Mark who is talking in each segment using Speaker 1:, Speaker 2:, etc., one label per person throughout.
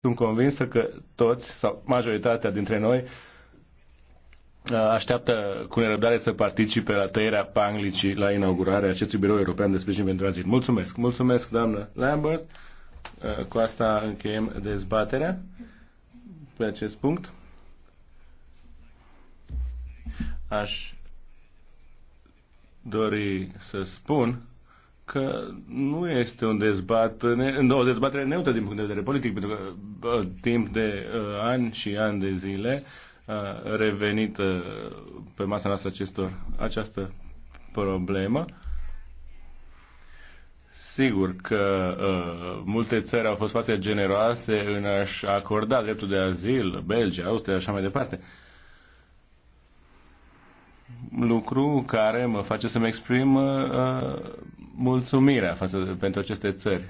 Speaker 1: Sunt convinsă că toți sau majoritatea dintre noi uh, așteaptă cu nerăbdare să participe la tăierea panglicii la inaugurarea acestui birou european de sprijin pentru azil. Mulțumesc! Mulțumesc, doamnă Lambert! Uh, cu asta încheiem dezbaterea pe acest punct. Aș dori să spun că nu este un dezbatere, o dezbatere neutră din punct de vedere politic, pentru că timp de uh, ani și ani de zile a revenit uh, pe masa noastră acestor, această problemă. Sigur că uh, multe țări au fost foarte generoase în a-și acorda dreptul de azil, Belgia, Austria și așa mai departe. Uh, lucru care mă face să-mi exprim uh, mulțumirea față de, pentru aceste țări.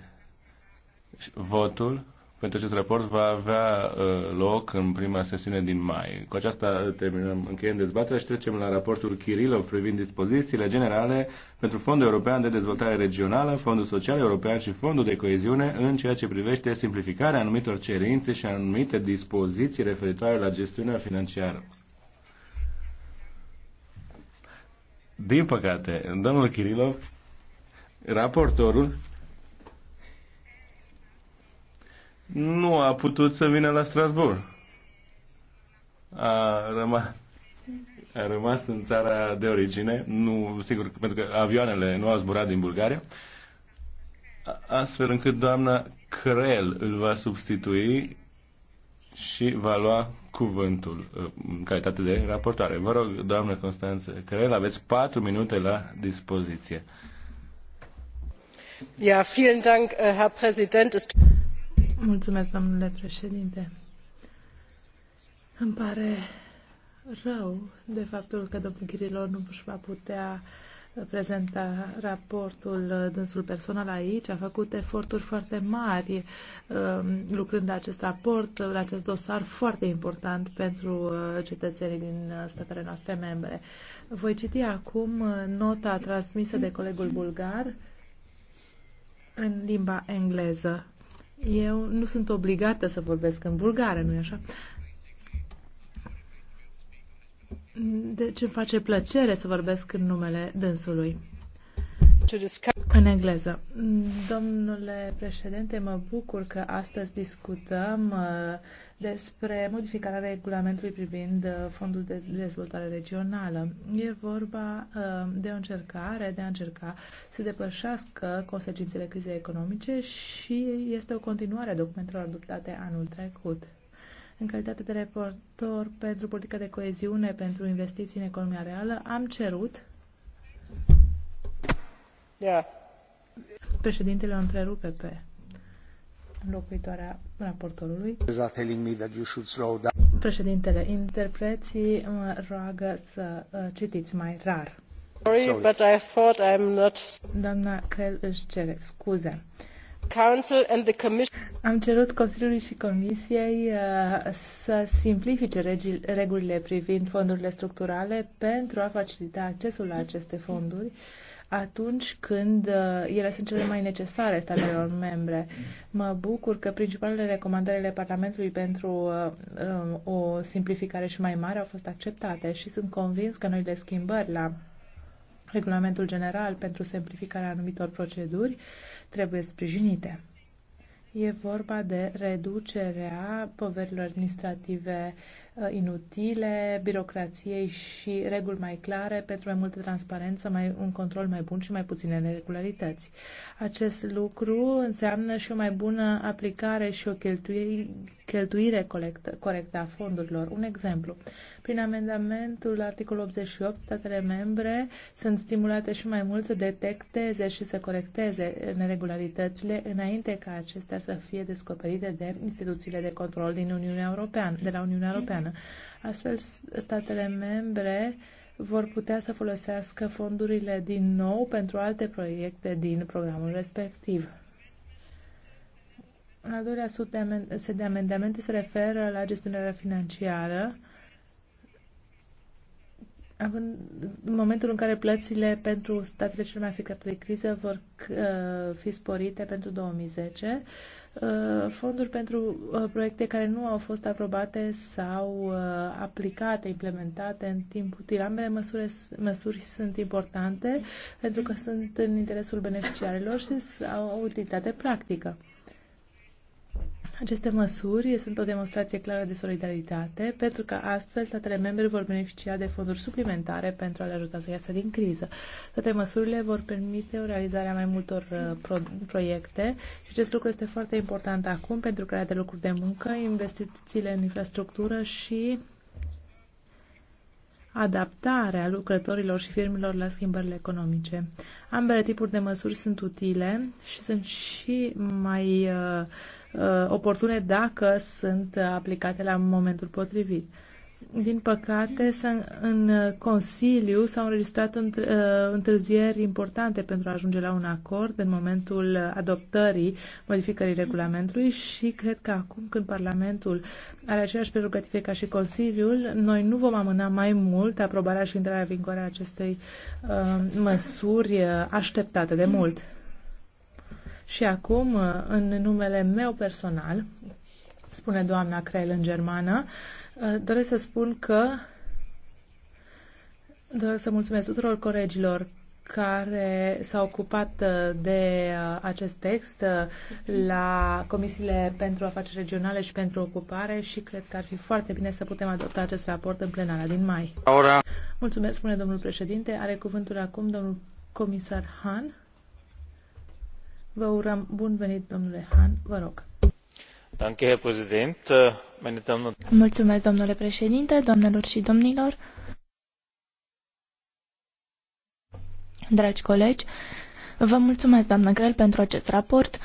Speaker 1: Votul pentru acest raport va avea uh, loc în prima sesiune din mai. Cu aceasta terminăm, încheiem dezbaterea și trecem la raportul Kirilov privind dispozițiile generale pentru Fondul European de Dezvoltare Regională, Fondul Social European și Fondul de Coeziune în ceea ce privește simplificarea anumitor cerințe și anumite dispoziții referitoare la gestiunea financiară. Din păcate, domnul Kirilov, raportorul, nu a putut să vină la Strasbourg. A rămas, a rămas în țara de origine, nu, sigur, pentru că avioanele nu au zburat din Bulgaria, astfel încât doamna Crel îl va substitui și va lua cuvântul uh, în calitate de raportoare. Vă rog, doamnă Constanță Crel, aveți patru minute la dispoziție.
Speaker 2: Ja, vielen Dank, äh, Herr Präsident. Mulțumesc, domnule președinte. Îmi pare rău de faptul că domnul Ghirilor nu își va putea uh, prezenta raportul dânsul personal aici, a făcut eforturi foarte mari um, lucrând la acest raport, la acest dosar foarte important pentru uh, cetățenii din uh, statele noastre membre. Voi citi acum uh, nota transmisă de colegul bulgar în limba engleză. Eu nu sunt obligată să vorbesc în bulgară, nu-i așa? Deci îmi face plăcere să vorbesc în numele dânsului. În engleză. Domnule președinte, mă bucur că astăzi discutăm uh, despre modificarea regulamentului privind uh, Fondul de Dezvoltare Regională. E vorba uh, de o încercare, de a încerca să depășească consecințele crizei economice și este o continuare a documentelor adoptate anul trecut în calitate de reportor pentru politica de coeziune pentru investiții în economia reală, am cerut yeah. președintele o întrerupe pe locuitoarea raportorului. Președintele, interpreții mă roagă să uh, citiți mai rar. Sorry, but I thought I'm not... Doamna Crel își cere scuze. Am cerut Consiliului și Comisiei uh, să simplifice regulile privind fondurile structurale pentru a facilita accesul la aceste fonduri atunci când uh, ele sunt cele mai necesare statelor membre. Mă bucur că principalele recomandări ale Parlamentului pentru uh, um, o simplificare și mai mare au fost acceptate și sunt convins că noile schimbări la regulamentul general pentru simplificarea anumitor proceduri trebuie sprijinite. E vorba de reducerea poverilor administrative Uh, inutile, birocrației și reguli mai clare pentru mai multă transparență, mai, un control mai bun și mai puține neregularități. Acest lucru înseamnă și o mai bună aplicare și o cheltuire, cheltuire colectă, corectă a fondurilor. Un exemplu, prin amendamentul articolul 88, statele membre sunt stimulate și mai mult să detecteze și să corecteze neregularitățile înainte ca acestea să fie descoperite de instituțiile de control din Uniunea Europeană, de la Uniunea Europeană european. Astfel, statele membre vor putea să folosească fondurile din nou pentru alte proiecte din programul respectiv. În al doilea set de amendamente se referă la gestionarea financiară, având, în momentul în care plățile pentru statele cele mai afectate de criză vor uh, fi sporite pentru 2010, Uh, fonduri pentru uh, proiecte care nu au fost aprobate sau uh, aplicate, implementate în timp util. Ambele măsuri, măsuri sunt importante pentru că sunt în interesul beneficiarilor și au o utilitate practică. Aceste măsuri sunt o demonstrație clară de solidaritate, pentru că astfel statele membre vor beneficia de fonduri suplimentare pentru a le ajuta să iasă din criză. Toate măsurile vor permite o realizare a mai multor uh, pro- proiecte și acest lucru este foarte important acum pentru crearea de locuri de muncă, investițiile în infrastructură și adaptarea lucrătorilor și firmelor la schimbările economice. Ambele tipuri de măsuri sunt utile și sunt și mai uh, Uh, oportune dacă sunt aplicate la momentul potrivit. Din păcate, în Consiliu s-au înregistrat uh, întârzieri importante pentru a ajunge la un acord în momentul adoptării modificării regulamentului și cred că acum când Parlamentul are aceleași prerogative ca și Consiliul, noi nu vom amâna mai mult aprobarea și intrarea în vigoare a acestei uh, măsuri așteptate de mult. Și acum, uh, în numele meu personal, spune doamna Crel în germană, uh, doresc să spun că doresc să mulțumesc tuturor colegilor care s au ocupat uh, de acest text la Comisiile pentru Afaceri Regionale și pentru Ocupare și cred că ar fi foarte bine să putem adopta acest raport în plenara din mai. Ora. Mulțumesc, spune domnul președinte. Are cuvântul acum domnul comisar Han. Vă urăm bun venit, domnule Han, vă rog.
Speaker 3: Mulțumesc, domnule președinte, doamnelor și domnilor, dragi colegi. Vă mulțumesc, doamnă Grel, pentru acest raport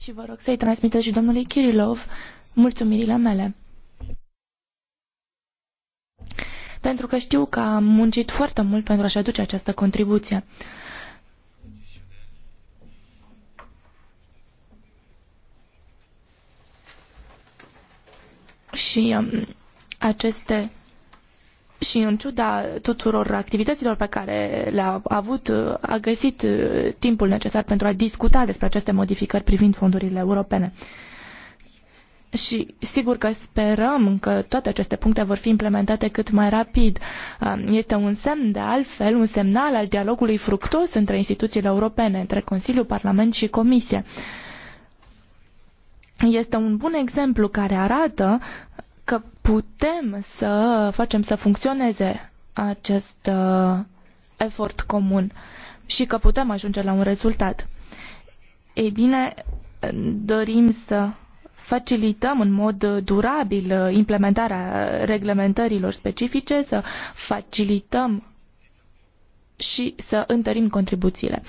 Speaker 3: și vă rog să-i transmiteți și domnului Kirilov mulțumirile mele. Pentru că știu că am muncit foarte mult pentru a-și aduce această contribuție. și um, aceste și în ciuda tuturor activităților pe care le-a avut, uh, a găsit uh, timpul necesar pentru a discuta despre aceste modificări privind fondurile europene. Și sigur că sperăm că toate aceste puncte vor fi implementate cât mai rapid. Um, este un semn de altfel, un semnal al dialogului fructos între instituțiile europene, între Consiliu, Parlament și Comisie este un bun exemplu care arată că putem să facem să funcționeze acest uh, efort comun și că putem ajunge la un rezultat. Ei bine, dorim să facilităm în mod durabil implementarea reglementărilor specifice, să facilităm și să întărim contribuțiile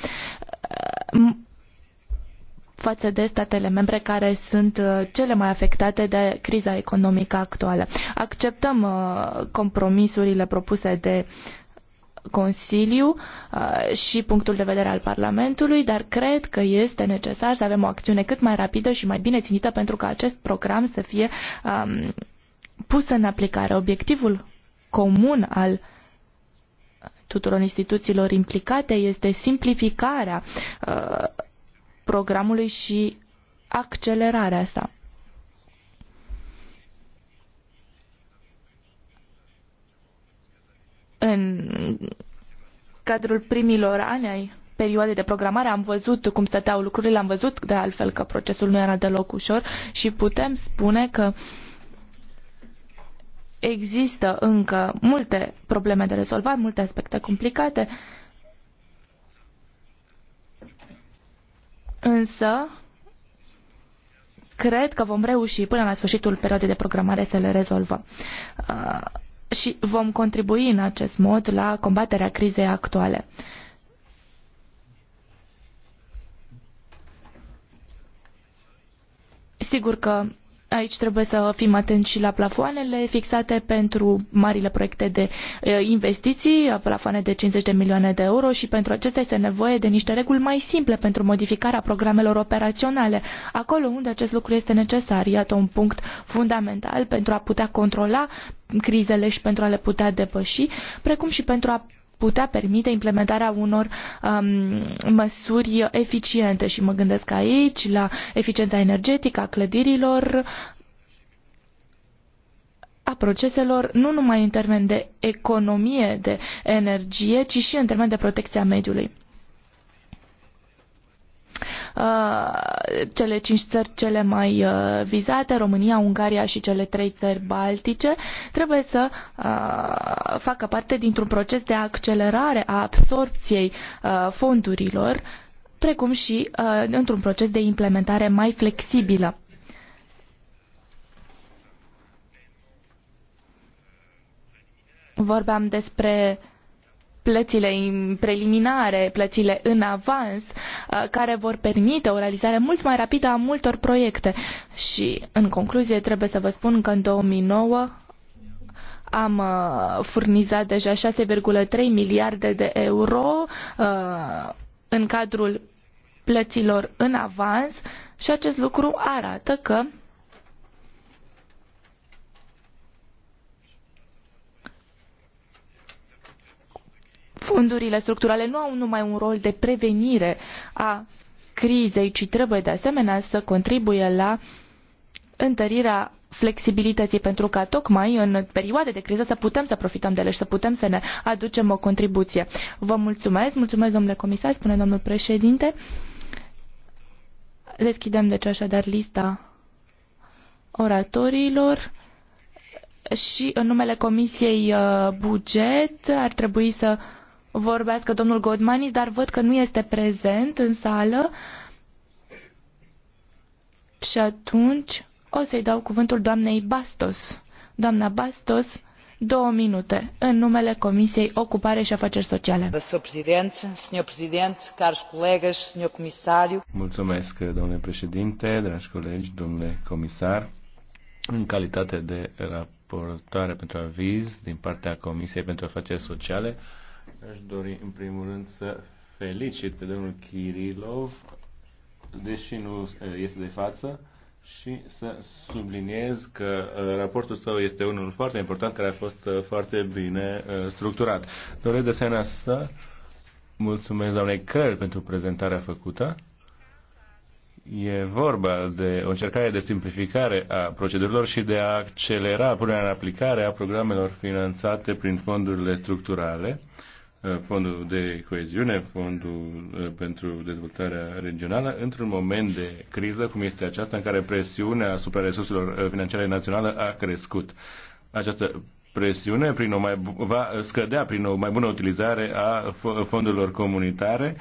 Speaker 3: față de statele membre care sunt uh, cele mai afectate de criza economică actuală. Acceptăm uh, compromisurile propuse de Consiliu uh, și punctul de vedere al Parlamentului, dar cred că este necesar să avem o acțiune cât mai rapidă și mai bine ținită pentru ca acest program să fie um, pus în aplicare. Obiectivul comun al tuturor instituțiilor implicate este simplificarea uh, programului și accelerarea sa. În cadrul primilor ani ai perioade de programare am văzut cum stăteau lucrurile, am văzut de altfel că procesul nu era deloc ușor și putem spune că există încă multe probleme de rezolvat, multe aspecte complicate, însă cred că vom reuși până la sfârșitul perioadei de programare să le rezolvăm. Uh, și vom contribui în acest mod la combaterea crizei actuale. Sigur că Aici trebuie să fim atenți și la plafoanele fixate pentru marile proiecte de eh, investiții, plafoane de 50 de milioane de euro și pentru acestea este nevoie de niște reguli mai simple pentru modificarea programelor operaționale, acolo unde acest lucru este necesar. Iată un punct fundamental pentru a putea controla crizele și pentru a le putea depăși, precum și pentru a putea permite implementarea unor um, măsuri eficiente și mă gândesc aici la eficiența energetică a clădirilor, a proceselor, nu numai în termen de economie de energie, ci și în termen de protecția mediului. Uh, cele cinci țări cele mai uh, vizate, România, Ungaria și cele trei țări baltice, trebuie să uh, facă parte dintr-un proces de accelerare a absorpției fondurilor, precum și într-un proces de implementare mai flexibilă. Vorbeam despre plățile preliminare, plățile în avans, uh, care vor permite o realizare mult mai rapidă a multor proiecte. Și, în concluzie, trebuie să vă spun că în 2009 am uh, furnizat deja 6,3 miliarde de euro uh, în cadrul plăților în avans și acest lucru arată că Fondurile structurale nu au numai un rol de prevenire a crizei, ci trebuie de asemenea să contribuie la întărirea flexibilității pentru ca tocmai în perioade de criză să putem să profităm de ele și să putem să ne aducem o contribuție. Vă mulțumesc, mulțumesc domnule comisar, spune domnul președinte. Deschidem deci așadar lista oratorilor și în numele Comisiei uh, Buget ar trebui să vorbească domnul Godmanis, dar văd că nu este prezent în sală. Și atunci o să-i dau cuvântul doamnei Bastos. Doamna Bastos, două minute, în numele Comisiei Ocupare și Afaceri Sociale.
Speaker 1: Mulțumesc, domnule președinte, dragi colegi, domnule comisar. În calitate de raportoare pentru aviz din partea Comisiei pentru Afaceri Sociale, Aș dori în primul rând să felicit pe domnul Kirilov, deși nu uh, este de față, și să subliniez că uh, raportul său este unul foarte important care a fost uh, foarte bine structurat. Doresc de asemenea să mulțumesc doamnei Crăl pentru prezentarea făcută. E vorba de o încercare de simplificare a procedurilor și de a accelera punerea în aplicare a programelor finanțate prin fondurile structurale Uh, fondul de coeziune, fondul uh, pentru dezvoltarea regională, într-un moment de criză, cum este aceasta, în care presiunea asupra resurselor uh, financiare naționale a crescut. Această presiune prin o mai, va scădea prin o mai bună utilizare a fondurilor comunitare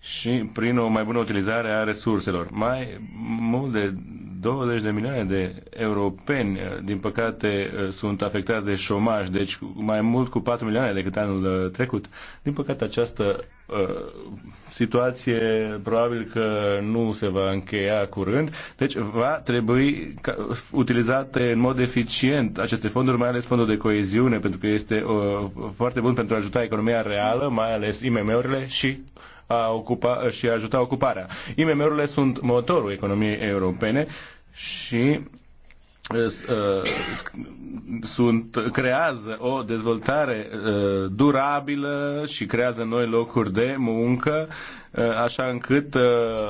Speaker 1: și prin o mai bună utilizare a resurselor. Mai mult de 20 de milioane de europeni, eh, din păcate, eh, sunt afectați de șomaj, deci mai mult cu 4 milioane decât anul eh, trecut. Din păcate, această uh, situație probabil că nu se va încheia curând, deci va trebui ca, utilizate în mod eficient aceste fonduri, mai ales fondul de coeziune, pentru că este uh, foarte bun pentru a ajuta economia reală, mai ales IMM-urile și a ocupa și a ajuta ocuparea. IMM-urile sunt motorul economiei europene și sunt, creează o dezvoltare durabilă și creează noi locuri de muncă Uh, așa încât uh,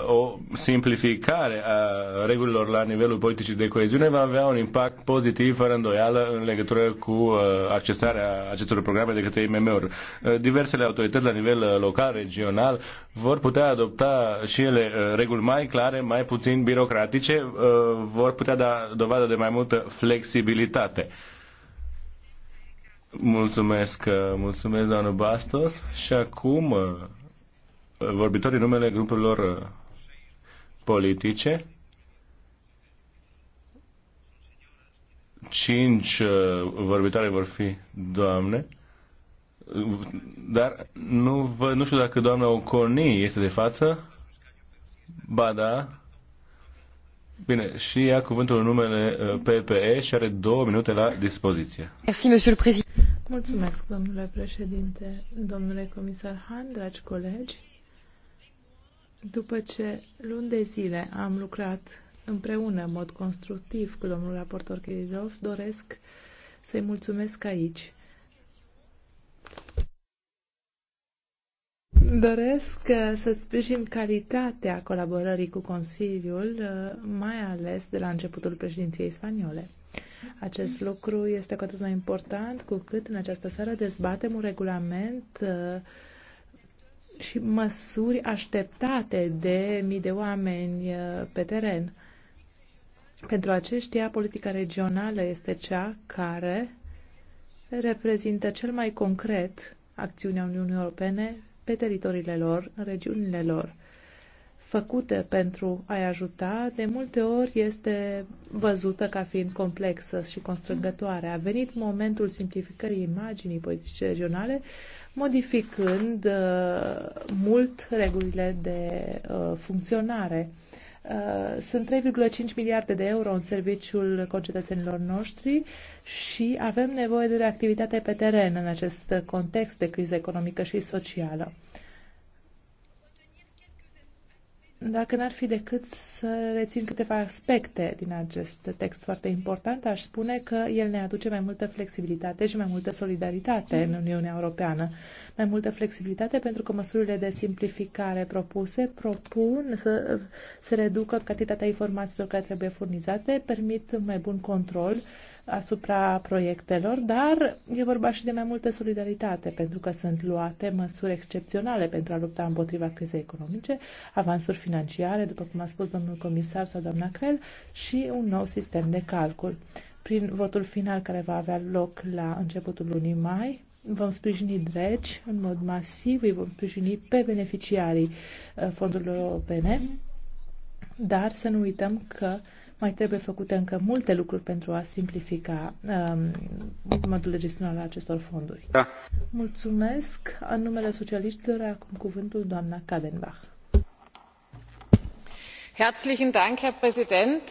Speaker 1: o simplificare a regulilor la nivelul politicii de coeziune va avea un impact pozitiv, fără îndoială, în legătură cu uh, accesarea acestor programe de către IMM-uri. Diversele autorități la nivel local, regional, vor putea adopta și ele reguli mai clare, mai puțin birocratice, vor putea da dovadă de mai multă flexibilitate. Mulțumesc, mulțumesc, doamnă Bastos. Și acum vorbitorii numele grupurilor uh, politice. Cinci uh, vorbitoare vor fi doamne. Dar nu, vă, nu știu dacă doamna Oconi este de față. Ba da. Bine, și ia cuvântul în numele uh, PPE și are două minute la dispoziție.
Speaker 4: Merci, monsieur le président.
Speaker 2: Mulțumesc, domnule președinte, domnule comisar Han, dragi colegi. După ce luni de zile am lucrat împreună în mod constructiv cu domnul raportor Kirilov, doresc să-i mulțumesc aici. Doresc uh, să sprijin calitatea colaborării cu Consiliul, uh, mai ales de la începutul președinției spaniole. Acest lucru este cu atât mai important cu cât în această seară dezbatem un regulament uh, și măsuri așteptate de mii de oameni uh, pe teren. Pentru aceștia, politica regională este cea care reprezintă cel mai concret acțiunea Uniunii Europene pe teritoriile lor, în regiunile lor, făcute pentru a-i ajuta, de multe ori este văzută ca fiind complexă și constrângătoare. A venit momentul simplificării imaginii politice regionale modificând uh, mult regulile de uh, funcționare. Uh, sunt 3,5 miliarde de euro în serviciul concetățenilor noștri și avem nevoie de activitate pe teren în acest context de criză economică și socială. Dacă n-ar fi decât să rețin câteva aspecte din acest text foarte important, aș spune că el ne aduce mai multă flexibilitate și mai multă solidaritate în Uniunea Europeană. Mai multă flexibilitate pentru că măsurile de simplificare propuse propun să se reducă cantitatea informațiilor care trebuie furnizate, permit mai bun control uh, asupra proiectelor, dar e vorba și de mai multă solidaritate, pentru că sunt luate măsuri excepționale pentru a lupta împotriva crizei economice, avansuri financiare, după cum a spus domnul comisar sau doamna Crel, și un nou sistem de calcul. Prin votul final care va avea loc la începutul lunii mai, vom sprijini dreci în mod masiv, îi vom sprijini pe beneficiarii uh, fondurilor europene, dar să nu uităm că uh, mai trebuie făcute încă multe lucruri pentru a simplifica um, modul de gestionare al acestor fonduri. Da. Mulțumesc. În numele socialiștilor, acum cuvântul doamna Kadenbach.
Speaker 4: Herzlichen Dank, Herr Präsident.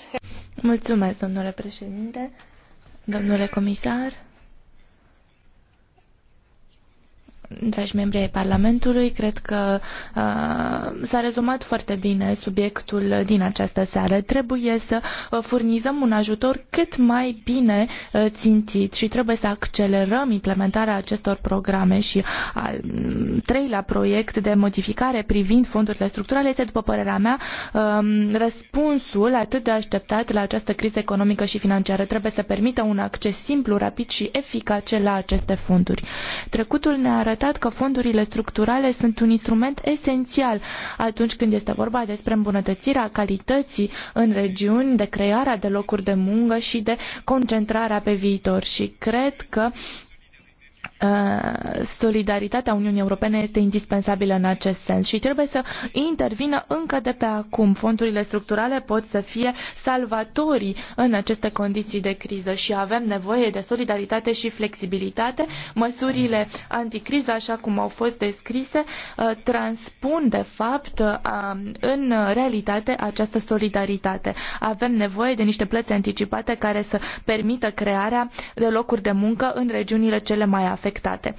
Speaker 3: Mulțumesc, domnule președinte, domnule comisar. dragi membri ai Parlamentului, cred că uh, s-a rezumat foarte bine subiectul din această seară. Trebuie să uh, furnizăm un ajutor cât mai bine uh, țintit și trebuie să accelerăm implementarea acestor programe și al mm, treilea proiect de modificare privind fondurile structurale este, după părerea mea, uh, răspunsul atât de așteptat la această criză economică și financiară. Trebuie să permită un acces simplu, rapid și eficace la aceste fonduri. Trecutul ne arată arătat că fondurile structurale sunt un instrument esențial atunci când este vorba despre îmbunătățirea calității în regiuni, de crearea de locuri de muncă și de concentrarea pe viitor. Și cred că Uh, solidaritatea Uniunii Europene este indispensabilă în acest sens și trebuie să intervină încă de pe acum. Fondurile structurale pot să fie salvatorii în aceste condiții de criză și avem nevoie de solidaritate și flexibilitate. Măsurile anticriză, așa cum au fost descrise, uh, transpun de fapt uh, în realitate această solidaritate. Avem nevoie de niște plăți anticipate care să permită crearea de locuri de muncă în regiunile cele mai afectate afectate.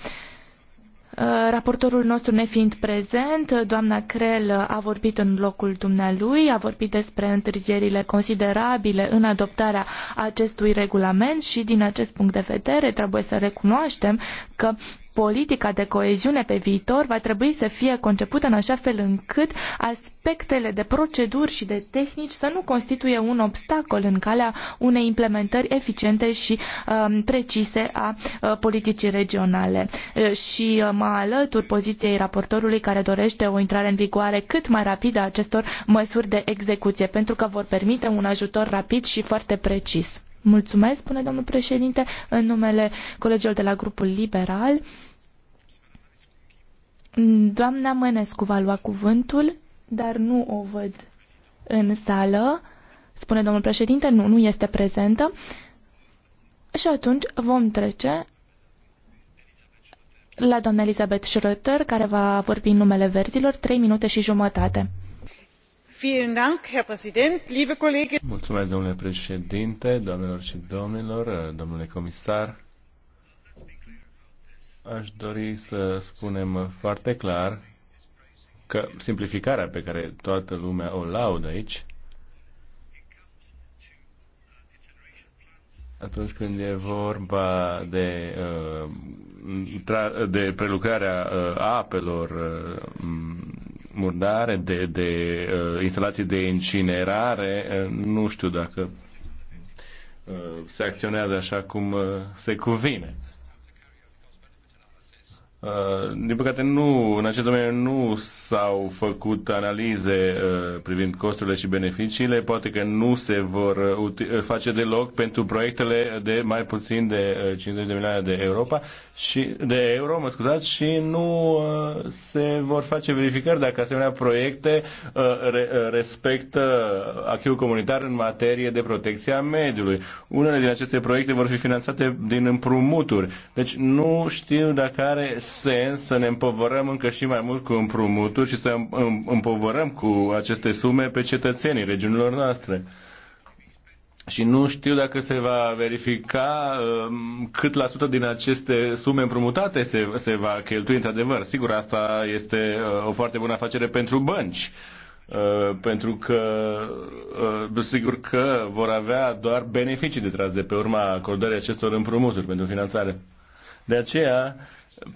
Speaker 3: Uh, raportorul nostru nefiind prezent, doamna Crel a vorbit în locul dumnealui, a vorbit despre întârzierile considerabile în adoptarea acestui regulament și din acest punct de vedere trebuie să recunoaștem că politica de coeziune pe viitor va trebui să fie concepută în așa fel încât aspectele de proceduri și de tehnici să nu constituie un obstacol în calea unei implementări eficiente și um, precise a uh, politicii regionale. Uh, și uh, mă alătur poziției raportorului care dorește o intrare în vigoare cât mai rapidă a acestor măsuri de execuție, pentru că vor permite un ajutor rapid și foarte precis. Mulțumesc, spune domnul președinte, în numele colegilor de la grupul liberal. Doamna Mănescu va lua cuvântul, dar nu o văd în sală. Spune domnul președinte, nu, nu este prezentă. Și atunci vom trece la doamna Elizabeth Schröter, care va vorbi în numele verzilor, 3 minute și jumătate.
Speaker 1: Mulțumesc, domnule președinte, doamnelor și domnilor, domnule comisar. Aș dori să spunem foarte clar că simplificarea pe care toată lumea o laudă aici, atunci când e vorba de, uh, de prelucrarea uh, apelor uh, murdare, de, de uh, instalații de incinerare. Uh, nu știu dacă uh, se acționează așa cum uh, se cuvine. Uh, Uh, din păcate, nu, în acest domeniu nu s-au făcut analize uh, privind costurile și beneficiile. Poate că nu se vor uh, face deloc pentru proiectele de mai puțin de 50 de milioane de europa și de euro, mă scuzați, și nu se vor face verificări dacă asemenea proiecte respectă acquis comunitar în materie de protecția mediului. Unele din aceste proiecte vor fi finanțate din împrumuturi. Deci nu știu dacă are sens să ne împovărăm încă și mai mult cu împrumuturi și să împovărăm cu aceste sume pe cetățenii regiunilor noastre. Și nu știu dacă se va verifica um, cât la sută din aceste sume împrumutate se, se va cheltui într-adevăr. Sigur, asta este uh, o foarte bună afacere pentru bănci uh, pentru că uh, sigur că vor avea doar beneficii de tras de pe urma acordării acestor împrumuturi pentru finanțare. De aceea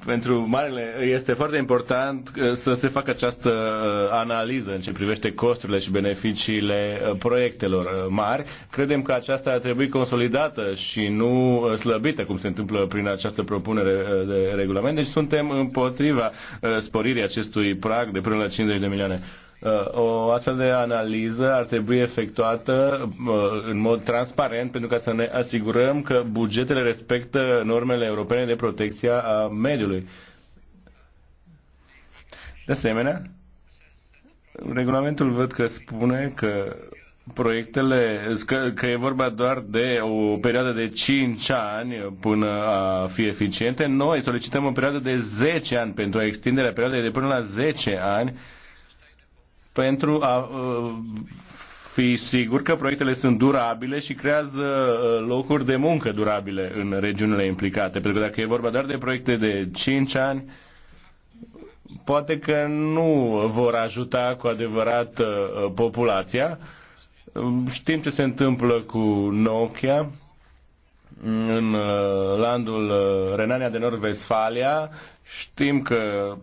Speaker 1: pentru marele este foarte important uh, să se facă această uh, analiză în ce privește costurile și beneficiile uh, proiectelor mari. Credem că aceasta ar trebui consolidată și nu slăbită, cum se întâmplă prin această propunere de regulament. Deci suntem împotriva sporirii acestui prag de până la 50 de milioane. Uh, o astfel de analiză ar trebui efectuată uh, în mod transparent pentru ca să ne asigurăm că bugetele respectă normele europene de protecție a mediului. De asemenea, regulamentul văd că spune că proiectele, că, că e vorba doar de o perioadă de 5 ani până a fi eficiente. Noi solicităm o perioadă de 10 ani pentru a extinderea perioadei de până la 10 ani uh, pentru a uh, fi sigur că proiectele sunt durabile și creează uh, locuri de muncă durabile în regiunile implicate. Pentru că dacă e vorba doar de proiecte de 5 ani, poate că nu vor ajuta cu adevărat uh, populația. Știm ce se întâmplă cu Nokia în landul Renania de Nord-Vestfalia. Știm că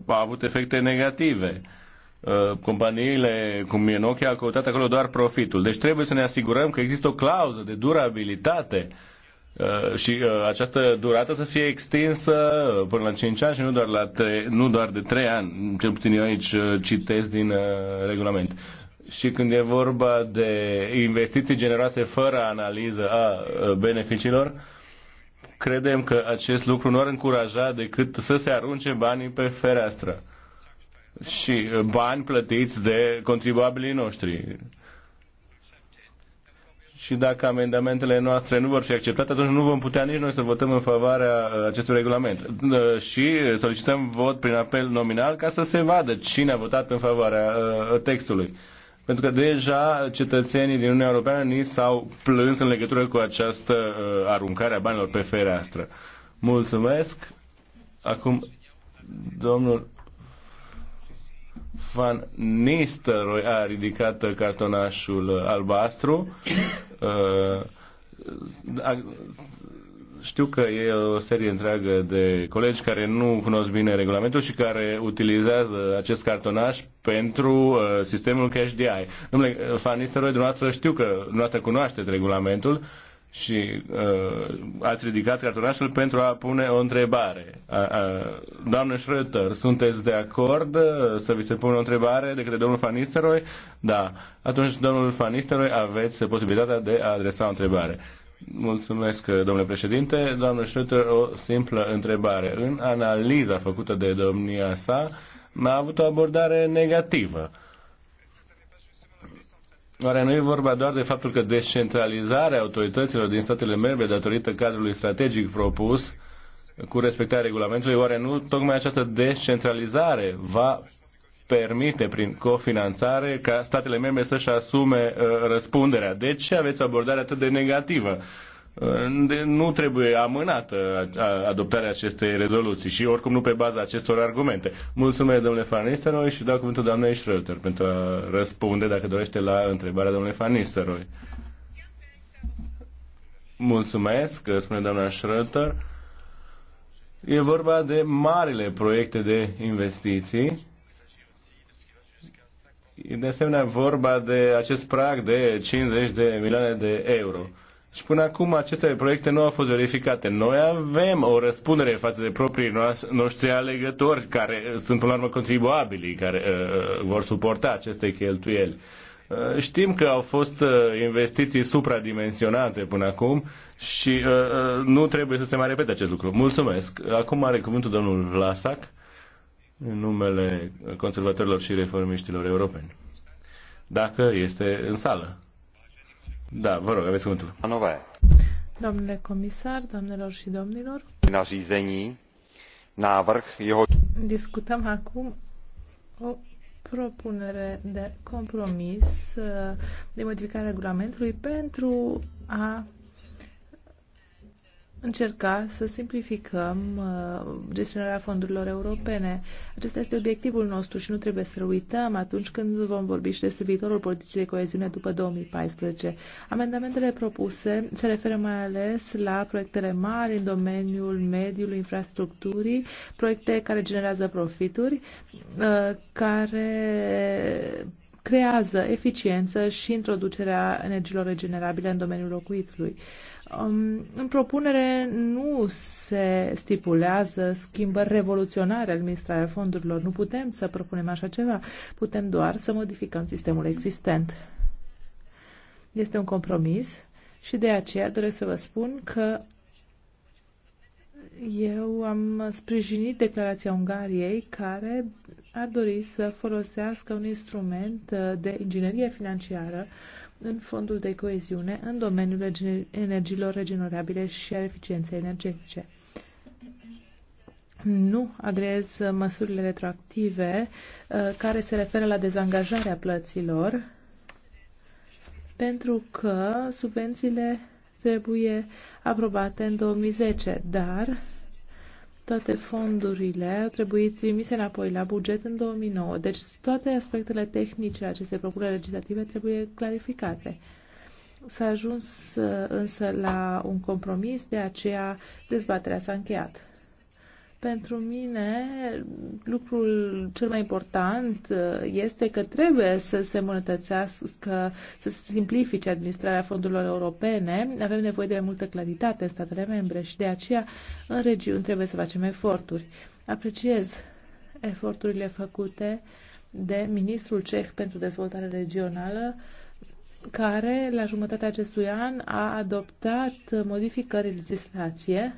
Speaker 1: a avut efecte negative Uh, companiile cum e Nokia au căutat acolo doar profitul. Deci trebuie să ne asigurăm că există o clauză de durabilitate uh, și uh, această durată să fie extinsă până la 5 ani și nu doar, la 3, nu doar de 3 ani, cel puțin eu aici citesc din regulament. Și când e vorba de investiții generoase fără analiză a beneficiilor, credem că acest lucru nu ar încuraja decât să se arunce banii pe fereastră și uh, bani plătiți de contribuabilii noștri. Și dacă amendamentele noastre nu vor fi acceptate, atunci nu vom putea nici noi să votăm în favoarea uh, acestui regulament. Uh, și solicităm vot prin apel nominal ca să se vadă cine a votat în favoarea textului. Pentru că deja cetățenii din Uniunea Europeană ni s-au plâns în legătură cu această aruncare a banilor pe fereastră. Mulțumesc. Acum, domnul Van Nistelrooy a ridicat cartonașul albastru. Uh, știu că e o serie întreagă de colegi care nu cunosc bine regulamentul și care utilizează acest cartonaș pentru uh, sistemul Cash DI. Domnule Van Nistelrooy, dumneavoastră știu că dumneavoastră cunoașteți regulamentul și uh, ați ridicat cartonașul pentru a pune o întrebare. Uh, uh, doamne Schröter, sunteți de acord uh, să vi se pună o întrebare de către domnul Fanisteroi? Da. Atunci, domnul Fanisteroi, aveți posibilitatea de a adresa o întrebare. Mulțumesc, uh, domnule președinte. Doamne Schröter, o simplă întrebare. În analiza făcută de domnia sa, a avut o abordare negativă Oare nu e vorba doar de faptul că descentralizarea autorităților din statele membre datorită cadrului strategic propus cu respectarea regulamentului, oare nu tocmai această descentralizare va permite prin cofinanțare ca statele membre să-și asume uh, răspunderea? De ce aveți abordare atât de negativă? Uh, nu trebuie amânată adoptarea acestei rezoluții și oricum nu pe baza acestor argumente. Mulțumesc, domnule Fanisteroi, și dau cuvântul doamnei Schröter pentru a răspunde, dacă dorește, la întrebarea domnului Fanisteroi. Mulțumesc, spune doamna Schröter. E vorba de marile proiecte de investiții E de asemenea vorba de acest prag de 50 de milioane de euro. Și până acum aceste proiecte nu au fost verificate. Noi avem o răspundere față de proprii noștri alegători, care uh, sunt până la urmă contribuabili, care uh, uh, vor suporta aceste cheltuieli. Uh, știm că au fost uh, investiții supradimensionate până acum și uh, uh, nu trebuie să se mai repete acest lucru. Mulțumesc. Acum are cuvântul domnul Vlasac în numele conservatorilor și reformiștilor europeni. Dacă este în sală.
Speaker 4: Da, vă rog, aveți cuvântul. Anové.
Speaker 2: Domnule comisar, doamnelor și domnilor.
Speaker 4: Nařízení, návrh, jeho...
Speaker 2: Discutăm acum o propunere de compromis uh, de modificare a regulamentului pentru a încerca să simplificăm uh, gestionarea fondurilor europene. Acesta este obiectivul nostru și nu trebuie să uităm atunci când vom vorbi și despre viitorul politicii de coeziune după 2014. Amendamentele propuse se referă mai ales la proiectele mari în domeniul mediului, infrastructurii, proiecte care generează profituri, uh, care creează eficiență și introducerea energiilor regenerabile în domeniul locuitului. Um, în propunere nu se stipulează schimbări revoluționare administrarea fondurilor. Nu putem să propunem așa ceva. Putem doar să modificăm sistemul existent. Este un compromis și de aceea doresc să vă spun că eu am sprijinit declarația Ungariei care ar dori să folosească un instrument uh, de inginerie financiară uh, în fondul de coeziune în domeniul energiilor regenerabile și al eficienței energetice. Nu agrez măsurile retroactive uh, care se referă la dezangajarea plăților, pentru că subvențiile trebuie aprobate în 2010, dar toate fondurile au trebuit trimise înapoi la buget în 2009. Deci toate aspectele tehnice acestei propuneri legislative trebuie clarificate. S-a ajuns însă la un compromis, de aceea dezbaterea s-a încheiat. Pentru mine, lucrul cel mai important uh, este că trebuie să se îmbunătățească, să se simplifice administrarea fondurilor europene. Avem nevoie de mai multă claritate în statele membre și de aceea în regiuni trebuie să facem eforturi. Apreciez eforturile făcute de ministrul ceh pentru dezvoltare regională, care la jumătatea acestui an a adoptat modificări legislație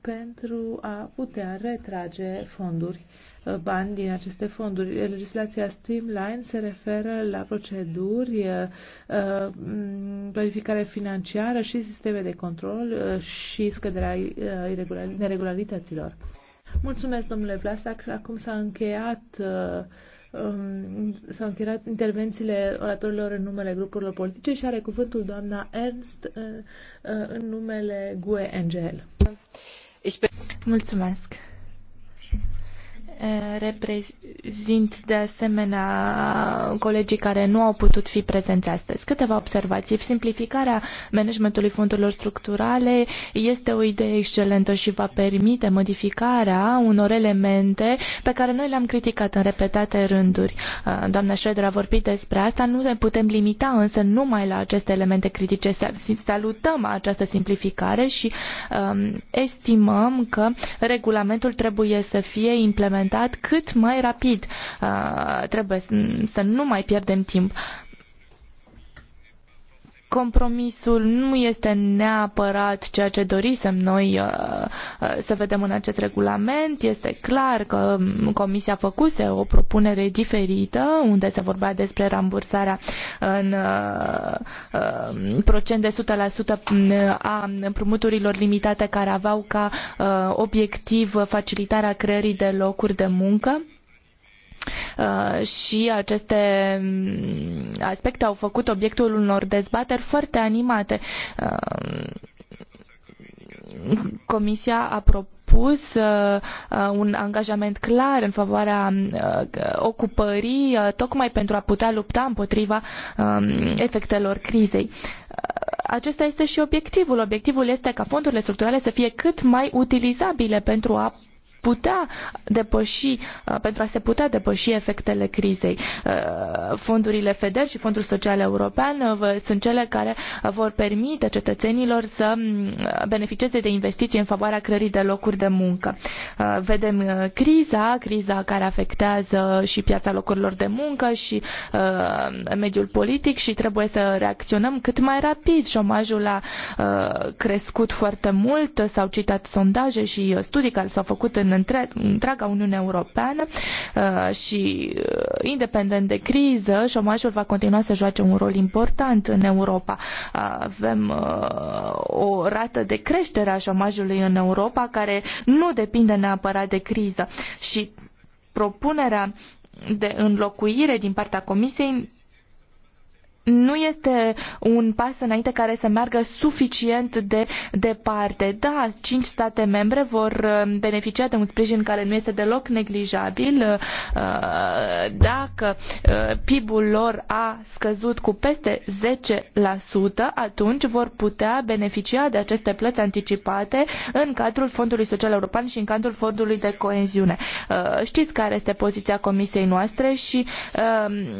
Speaker 2: pentru a putea retrage fonduri, uh, bani din aceste fonduri. Legislația Streamline se referă la proceduri, uh, uh, planificare financiară și sisteme de control și scăderea neregularităților. Mulțumesc, domnule Vlasac. Acum s-a încheiat um, s-au încheiat intervențiile oratorilor în numele grupurilor politice și are cuvântul doamna Ernst în numele GUE-NGL. Mulțumesc
Speaker 3: reprezint de asemenea colegii care nu au putut fi prezenți astăzi. Câteva observații. Simplificarea managementului fondurilor structurale este o idee excelentă și va permite modificarea unor elemente pe care noi le-am criticat în repetate rânduri. Uh, doamna Schroeder a vorbit despre asta, nu ne putem limita însă numai la aceste elemente critice. Salutăm această simplificare și um, estimăm că regulamentul trebuie să fie implementat implementat cât mai rapid. Uh, trebuie să nu mai pierdem timp compromisul nu este neapărat ceea ce dorisem noi uh, uh, să vedem în acest regulament. Este clar că um, Comisia făcuse o propunere diferită, unde se vorbea despre rambursarea în uh, procent de 100% mm, a împrumuturilor limitate care aveau ca obiectiv facilitarea creării de locuri de muncă. Uh, și aceste mm, aspecte au făcut obiectul unor dezbateri foarte animate. Uh, Comisia a propus uh, un angajament clar în favoarea ocupării, tocmai pentru a putea lupta împotriva um, efectelor crizei acesta este și obiectivul. Obiectivul este ca fondurile structurale să fie cât mai utilizabile pentru a putea depăși, uh, pentru a se putea depăși efectele crizei. Uh, fondurile FEDER și Fondul Social European uh, sunt cele care vor permite cetățenilor să mm, beneficieze de investiții în favoarea creării de locuri de muncă. Vedem criza, criza care afectează și piața locurilor de muncă și mediul politic și trebuie să reacționăm cât mai rapid. Șomajul a crescut foarte mult, s-au citat sondaje și studii care s-au făcut în în între, întreaga Uniune Europeană uh, și uh, independent de criză, șomajul va continua să joace un rol important în Europa. Avem uh, o rată de creștere a șomajului în Europa care nu depinde neapărat de criză și propunerea de înlocuire din partea Comisiei nu este un pas înainte care să meargă suficient de departe. Da, cinci state membre vor uh, beneficia de un sprijin care nu este deloc neglijabil uh, dacă uh, PIB-ul lor a scăzut cu peste 10%, atunci vor putea beneficia de aceste plăți anticipate în cadrul Fondului Social European și în cadrul Fondului de Coeziune. Știți care este poziția comisiei noastre și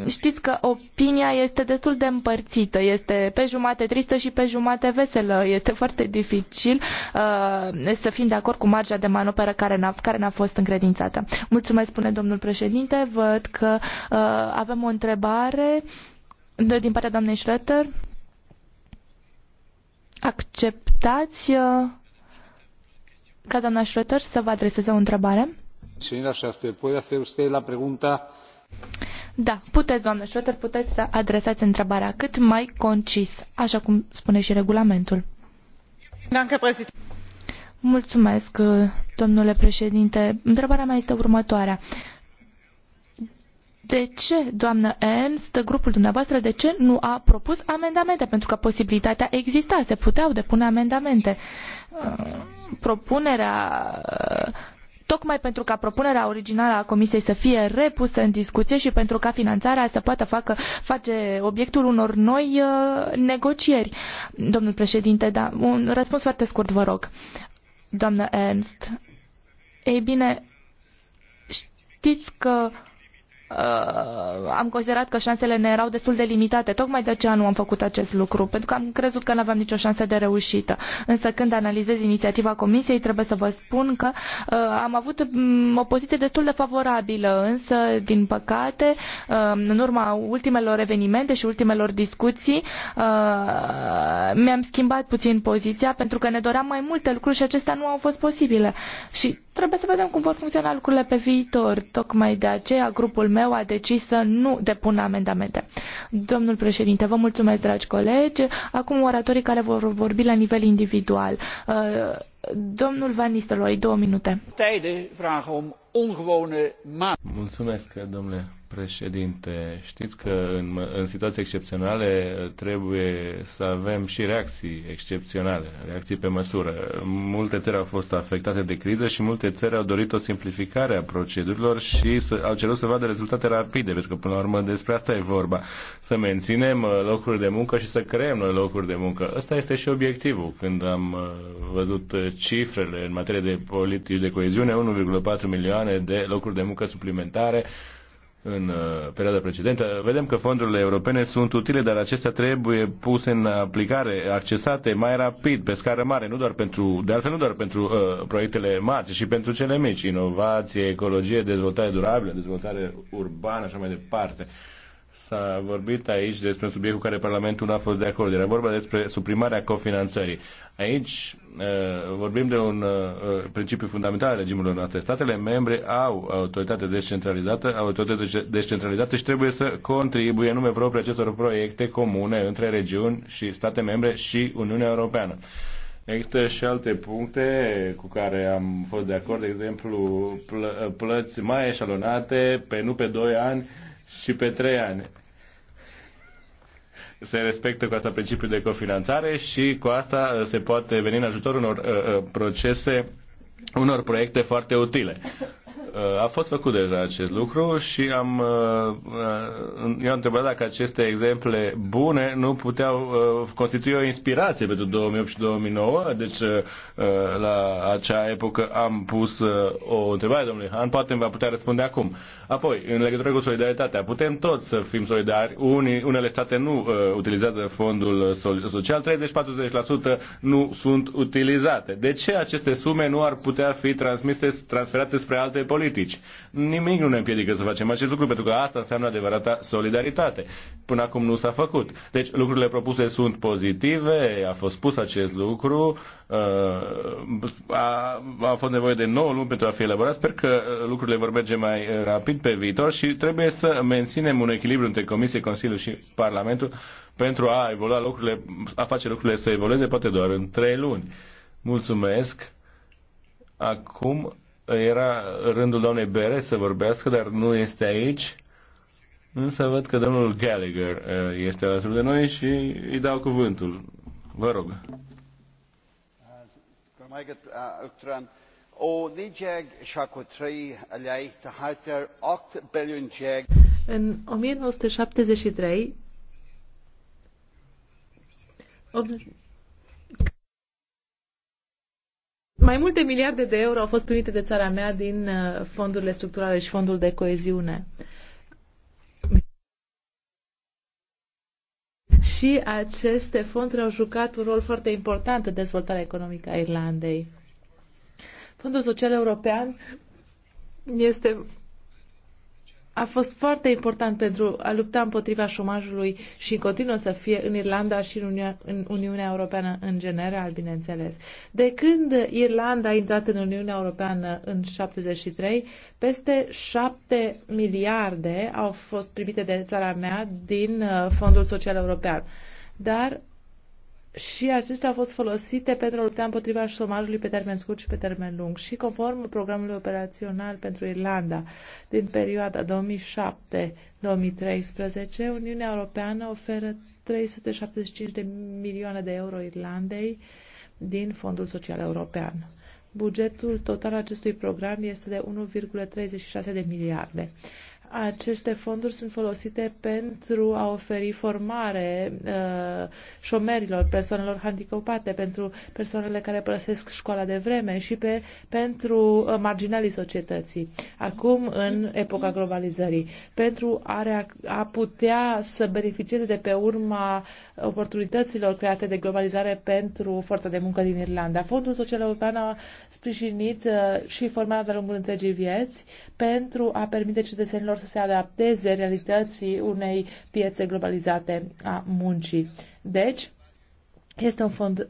Speaker 3: știți că opinia este destul de împărțită. Este pe jumate tristă și pe jumate veselă. Este foarte dificil uh, să fim de acord cu marja de manoperă care n-a, care n-a fost încredințată. Mulțumesc, spune domnul președinte. Văd că uh, avem o întrebare de, din partea doamnei Schroeter. Acceptați uh, ca doamna Schroeter să vă adreseze o întrebare?
Speaker 4: Señora Schroeter, poate face usted la pregunta
Speaker 3: da, puteți, doamnă Șoter, puteți să adresați întrebarea cât mai concis, așa cum spune și regulamentul. Mulțumesc, domnule președinte. Întrebarea mea este următoarea. De ce, doamnă Ernst, grupul dumneavoastră, de ce nu a propus amendamente? Pentru că posibilitatea exista, se puteau depune amendamente. Uh, propunerea uh, tocmai pentru ca propunerea originală a Comisiei să fie repusă în discuție și pentru ca finanțarea să poată facă, face obiectul unor noi uh, negocieri. Domnul președinte, da, un răspuns foarte scurt, vă rog. Doamnă Ernst, ei bine, știți că Uh, am considerat că șansele ne erau destul de limitate. Tocmai de aceea nu am făcut acest lucru, pentru că am crezut că nu aveam nicio șansă de reușită. Însă când analizez inițiativa Comisiei, trebuie să vă spun că uh, am avut mm, o poziție destul de favorabilă, însă, din păcate, uh, în urma ultimelor evenimente și ultimelor discuții, uh, mi-am schimbat puțin poziția, pentru că ne doream mai multe lucruri și acestea nu au fost posibile. Și Trebuie să vedem cum vor funcționa lucrurile pe viitor. Tocmai de aceea grupul meu a decis să nu depună amendamente. Domnul președinte, vă mulțumesc, dragi colegi. Acum oratorii care vor vorbi la nivel individual. Uh, domnul Van Nistelrooy, două minute.
Speaker 5: Mulțumesc,
Speaker 1: domnule președinte, știți că în, în situații excepționale trebuie să avem și reacții excepționale, reacții pe măsură. Multe țări au fost afectate de criză și multe țări au dorit o simplificare a procedurilor și să, au cerut să vadă rezultate rapide, pentru că până la urmă despre asta e vorba. Să menținem uh, locuri de muncă și să creăm noi locuri de muncă. Ăsta este și obiectivul. Când am uh, văzut uh, cifrele în materie de politici de coeziune, 1,4 milioane de locuri de muncă suplimentare, în uh, perioada precedentă. Vedem că fondurile europene sunt utile, dar acestea trebuie puse în aplicare, accesate mai rapid, pe scară mare, nu doar pentru, de altfel nu doar pentru uh, proiectele mari, ci și pentru cele mici, inovație, ecologie, dezvoltare durabilă, dezvoltare urbană, așa mai departe. Uh, S-a vorbit aici despre un subiect cu care Parlamentul nu a fost de acord. Era vorba despre suprimarea cofinanțării. Aici uh, vorbim de un uh, uh, principiu fundamental al regimului noastre. Statele membre au autoritate descentralizată, autoritate descentralizată și trebuie să contribuie în nume propriu acestor proiecte comune între regiuni și state membre și Uniunea Europeană. Există și alte puncte cu care am fost de acord, de exemplu, plă- plăți mai eșalonate, pe nu pe 2 ani, și pe trei ani. Se respectă cu asta principiul de cofinanțare și cu asta uh, se poate veni în ajutorul unor uh, uh procese, unor proiecte foarte utile. Uh, a fost făcut deja acest lucru și am, eu uh, uh, am întrebat dacă aceste exemple bune nu puteau constitui o inspirație pentru 2008 și 2009. Deci la acea epocă am pus o întrebare domnului Han, poate îmi va putea răspunde acum. Apoi, în legătură cu solidaritatea, putem toți să fim solidari. Unii, unele state nu utilizează fondul social, 30-40% nu sunt utilizate. De ce aceste sume nu ar putea fi transmise, transferate spre alte politici? politici. Nimic nu ne împiedică să facem acest lucru, pentru că asta înseamnă adevărata solidaritate. Până acum nu s-a făcut. Deci lucrurile propuse sunt pozitive, a fost spus acest lucru, uh, a, a fost nevoie de 9 luni pentru a fi elaborat. Sper că uh, lucrurile vor merge mai uh, rapid pe viitor și trebuie să menținem un echilibru între Comisie, Consiliu și Parlamentul pentru a evolua lucrurile, a face lucrurile să evolueze poate doar în 3 luni. Mulțumesc! Acum era rândul doamnei Bere să vorbească, dar nu este aici. Însă văd că domnul Gallagher uh, este alături de noi și îi dau cuvântul. Vă rog.
Speaker 2: În 1973, Mai multe miliarde de euro au fost primite de țara mea din uh, fondurile structurale și fondul de coeziune. Și aceste fonduri au jucat un rol foarte important în dezvoltarea economică a Irlandei. Fondul Social European este a fost foarte important pentru a lupta împotriva șomajului și continuă să fie în Irlanda și în Uniunea, în Uniunea Europeană în general, bineînțeles. De când Irlanda a intrat în Uniunea Europeană în 73, peste 7 miliarde au fost primite de țara mea din uh, Fondul Social European. Dar și acestea au fost folosite pentru a lupta împotriva șomajului pe termen scurt și pe termen lung. Și conform programului operațional pentru Irlanda din perioada 2007-2013, Uniunea Europeană oferă 375 de milioane de euro Irlandei din Fondul Social European. Bugetul total acestui program este de 1,36 de miliarde aceste fonduri sunt folosite pentru a oferi formare uh, șomerilor, persoanelor handicapate, pentru persoanele care părăsesc școala de vreme și pe, pentru uh, marginalii societății. Acum, în epoca globalizării, pentru a, a putea să beneficieze de pe urma uh, oportunităților create de globalizare pentru forța de muncă din Irlanda. Fondul Social European a sprijinit uh, și formarea de-a lungul întregii vieți pentru a permite cetățenilor să se adapteze realității unei piețe globalizate a muncii. Deci, este un fond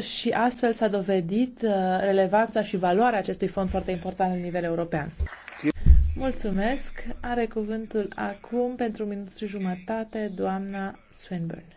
Speaker 2: și astfel s-a dovedit uh, relevanța și valoarea acestui fond foarte important la nivel european. Mulțumesc. Are cuvântul acum pentru un minut și jumătate doamna Swinburne.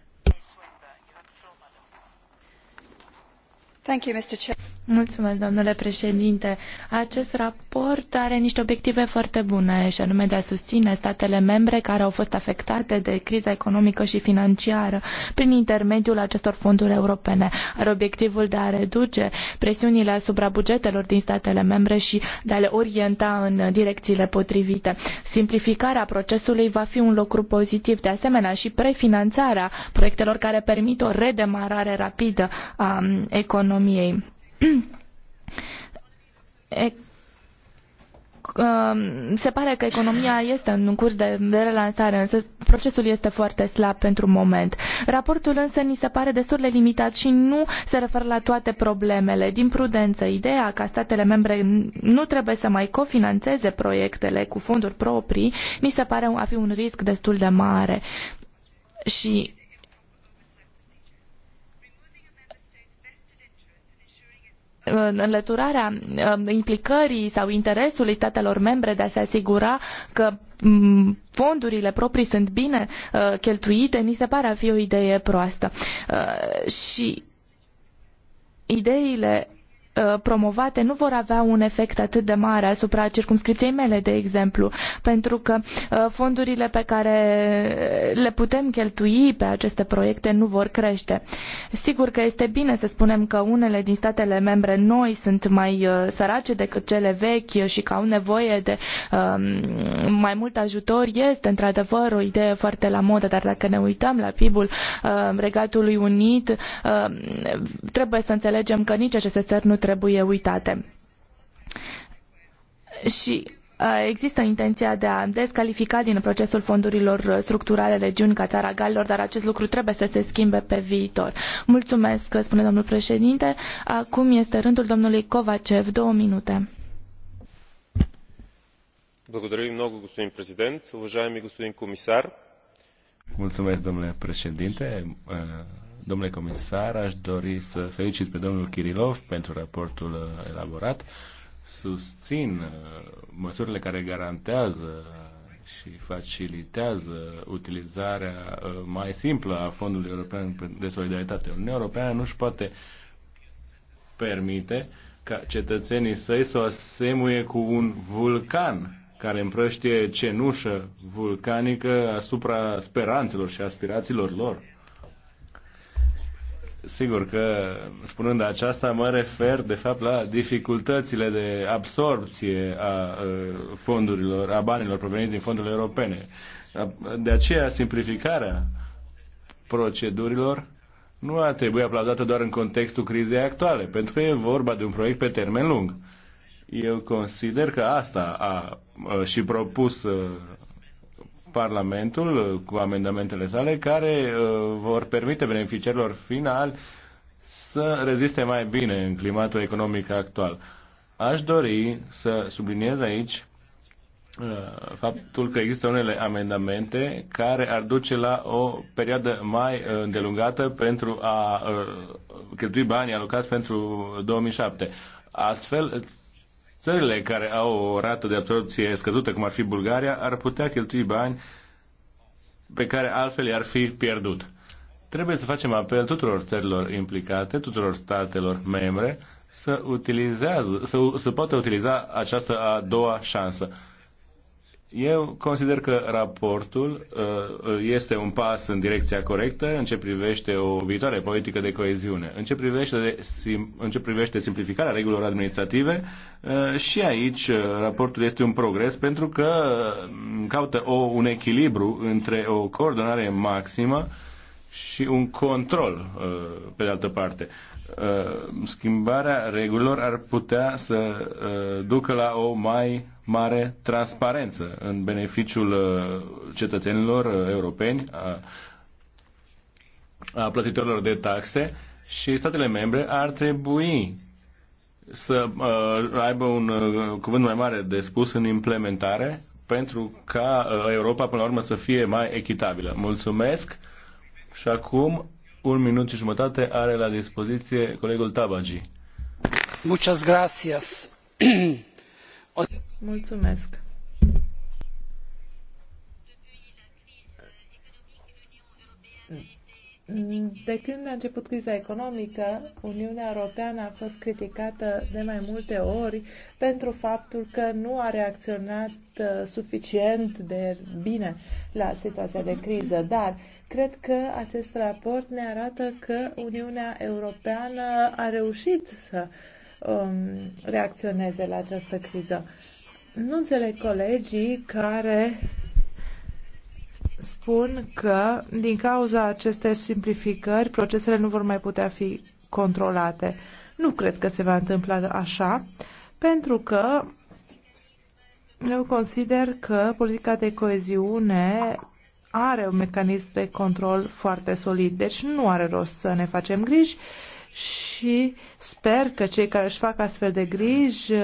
Speaker 2: Thank you, Mr. Mulțumesc,
Speaker 3: domnule președinte. Acest raport are niște obiective foarte bune, și anume de a susține statele membre care au fost afectate de criza economică și financiară prin intermediul acestor fonduri europene. Are obiectivul de a reduce presiunile asupra bugetelor din statele membre și de a le orienta în direcțiile potrivite. Simplificarea procesului va fi un lucru pozitiv, de asemenea și prefinanțarea proiectelor care permit o redemarare rapidă a um, economiei. Um, se pare că economia este în curs de relansare, însă procesul este foarte slab pentru moment. Raportul însă ni se pare destul de limitat și nu se referă la toate problemele. Din prudență, ideea ca statele membre nu trebuie să mai cofinanțeze proiectele cu fonduri proprii, ni se pare a fi un risc destul de mare. Și înlăturarea um, implicării sau interesului statelor membre de a se asigura că fondurile proprii sunt bine uh, cheltuite, mi se pare a fi o idee proastă. Uh, și ideile Uh, promovate nu vor avea un efect atât de mare asupra circumscripției mele, de exemplu, pentru că uh, fondurile pe care le putem cheltui pe aceste proiecte nu vor crește. Sigur că este bine să spunem că unele din statele membre noi sunt mai uh, sărace decât cele vechi și că au nevoie de um, mai mult ajutor. Este într-adevăr o idee foarte la modă, dar dacă ne uităm la PIB-ul Regatului Unit, trebuie să înțelegem că nici aceste țări nu trebuie trebuie uitate. Și uh, Există intenția de a descalifica din procesul fondurilor structurale regiuni ca țara Galilor, dar acest lucru trebuie să se schimbe pe viitor. Mulțumesc, spune domnul președinte. Acum este rândul domnului Kovacev. Două minute.
Speaker 1: Mulțumesc, domnule președinte, ă, Domnule comisar, aș dori să felicit pe domnul Kirilov pentru raportul uh, elaborat. Susțin uh, măsurile care garantează și facilitează utilizarea uh, mai simplă a Fondului European de Solidaritate. Uniunea Europeană nu își poate permite ca cetățenii săi să o asemuie cu un vulcan care împrăștie cenușă vulcanică asupra speranțelor și aspirațiilor lor. Sigur că, spunând aceasta, mă refer, de fapt, la dificultățile de absorpție a ă, fondurilor, a banilor proveniți din fondurile europene. De aceea, simplificarea procedurilor nu ar trebui aplaudată doar în contextul crizei actuale, pentru că e vorba de un proiect pe termen lung. Eu consider că asta a, ă, și propus ă, Parlamentul uh, cu amendamentele sale care uh, vor permite beneficiarilor finali să reziste mai bine în climatul economic actual. Aș dori să subliniez aici uh, faptul că există unele amendamente care ar duce la o perioadă mai îndelungată pentru a cheltui banii alocați pentru 2007. Astfel, Țările care au o rată de absorpție scăzută, cum ar fi Bulgaria, ar putea cheltui bani pe care altfel i-ar fi pierdut. Trebuie să facem apel tuturor țărilor implicate, tuturor statelor membre, să, utilizează, să, să poată utiliza această a doua șansă. Eu consider că raportul uh, este un pas în direcția corectă în ce privește o viitoare politică de coeziune, în ce privește, în ce privește simplificarea regulilor administrative uh, și aici uh, raportul este un progres pentru că caută o, un echilibru între o coordonare maximă și un control, uh, pe de altă parte. Uh, schimbarea regulilor ar putea să uh, ducă la o mai mare transparență în beneficiul cetățenilor europeni, a plătitorilor de taxe și statele membre ar trebui să aibă un cuvânt mai mare de spus în implementare pentru ca Europa, până la urmă, să fie mai echitabilă. Mulțumesc! Și acum un minut și jumătate are la dispoziție colegul Tabagi.
Speaker 4: Muchas
Speaker 2: gracias. Mulțumesc. De când a început criza economică, Uniunea Europeană a fost criticată de mai multe ori pentru faptul că nu a reacționat uh, suficient de bine la situația de criză, dar Cred că acest raport ne arată că Uniunea Europeană a reușit să um, reacționeze la această criză. Nu înțeleg colegii care spun că din cauza acestei simplificări procesele nu vor mai putea fi controlate. Nu cred că se va întâmpla așa, pentru că eu consider că politica de coeziune are un mecanism de control foarte solid, deci nu are rost să ne facem griji și sper că cei care își fac astfel de griji uh,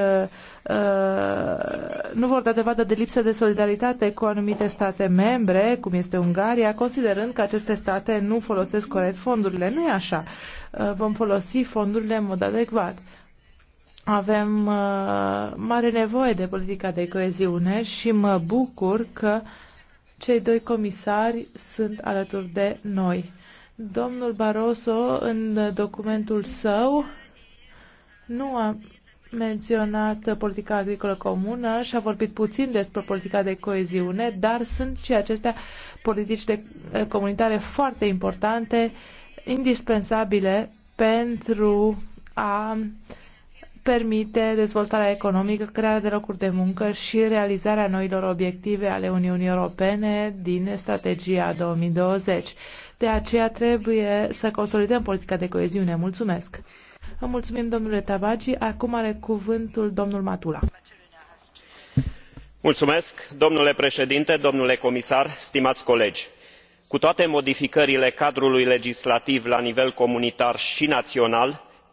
Speaker 2: uh, nu vor da dovadă de lipsă de solidaritate cu anumite state membre, cum este Ungaria, considerând că aceste state nu folosesc corect fondurile. Nu e așa. Uh, vom folosi fondurile în mod adecvat. Avem mare nevoie de politica de coeziune și mă bucur că uh, cei doi comisari sunt alături de noi. Domnul Barroso, în documentul său, nu a menționat politica agricolă comună și a vorbit puțin despre politica de coeziune, dar sunt și acestea politici de eh, comunitare foarte importante, indispensabile pentru a uh, permite dezvoltarea economică, crearea de locuri de muncă și realizarea noilor obiective ale Uniunii Europene din strategia 2020. De aceea trebuie să consolidăm politica de coeziune. Mulțumesc! Vă mulțumim, domnule Tabagi. Acum are cuvântul domnul Matula.
Speaker 5: Mulțumesc, domnule președinte, domnule comisar, stimați colegi cu toate modificările cadrului legislativ la nivel comunitar și național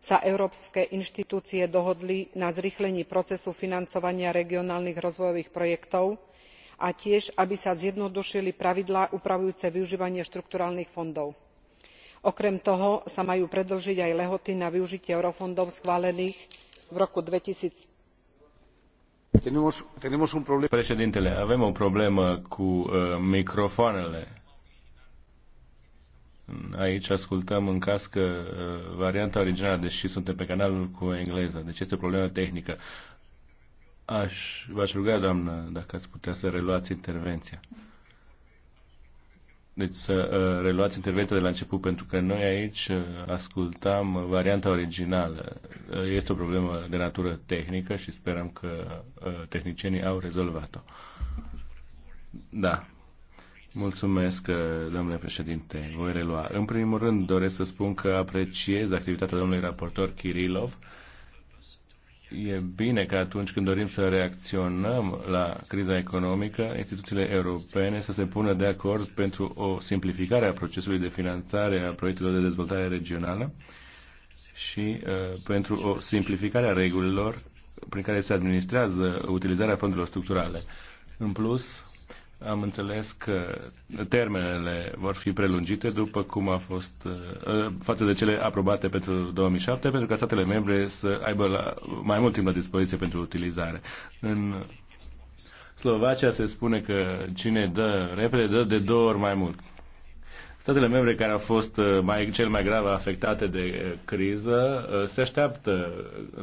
Speaker 5: sa európske inštitúcie dohodli na zrýchlení procesu financovania regionálnych rozvojových projektov a tiež aby sa zjednodušili pravidlá upravujúce využívanie štrukturálnych fondov. okrem toho sa majú predĺžiť aj lehoty na využitie eurofondov schválených v roku. two
Speaker 1: thousand avem o problemă cu eh, microfoanele Aici ascultăm în cască uh, varianta originală, deși suntem pe canalul cu engleză, deci este o problemă tehnică. Aș, v-aș ruga, doamnă, dacă ați putea să reluați intervenția. Deci să uh, reluați intervenția de la început, pentru că noi aici uh, ascultam varianta originală. Uh, este o problemă de natură tehnică și sperăm că uh, tehnicienii au rezolvat-o. Da. Mulțumesc, uh, domnule președinte. Voi relua. În primul rând, doresc să spun că apreciez activitatea domnului raportor Kirilov. E bine că atunci când dorim să reacționăm la criza economică, instituțiile europene să se pună de acord pentru o simplificare a procesului de finanțare a proiectelor de dezvoltare regională și uh, pentru o simplificare a regulilor prin care se administrează utilizarea fondurilor structurale. În plus, am înțeles că termenele vor fi prelungite după cum a fost uh, uh, față de cele aprobate pentru 2007, pentru ca statele membre să aibă la, mai mult timp la dispoziție pentru utilizare. În Slovacia se spune că cine dă repede dă de două ori mai mult. Statele membre care au fost uh, mai, cel mai grav afectate de uh, criză uh, se așteaptă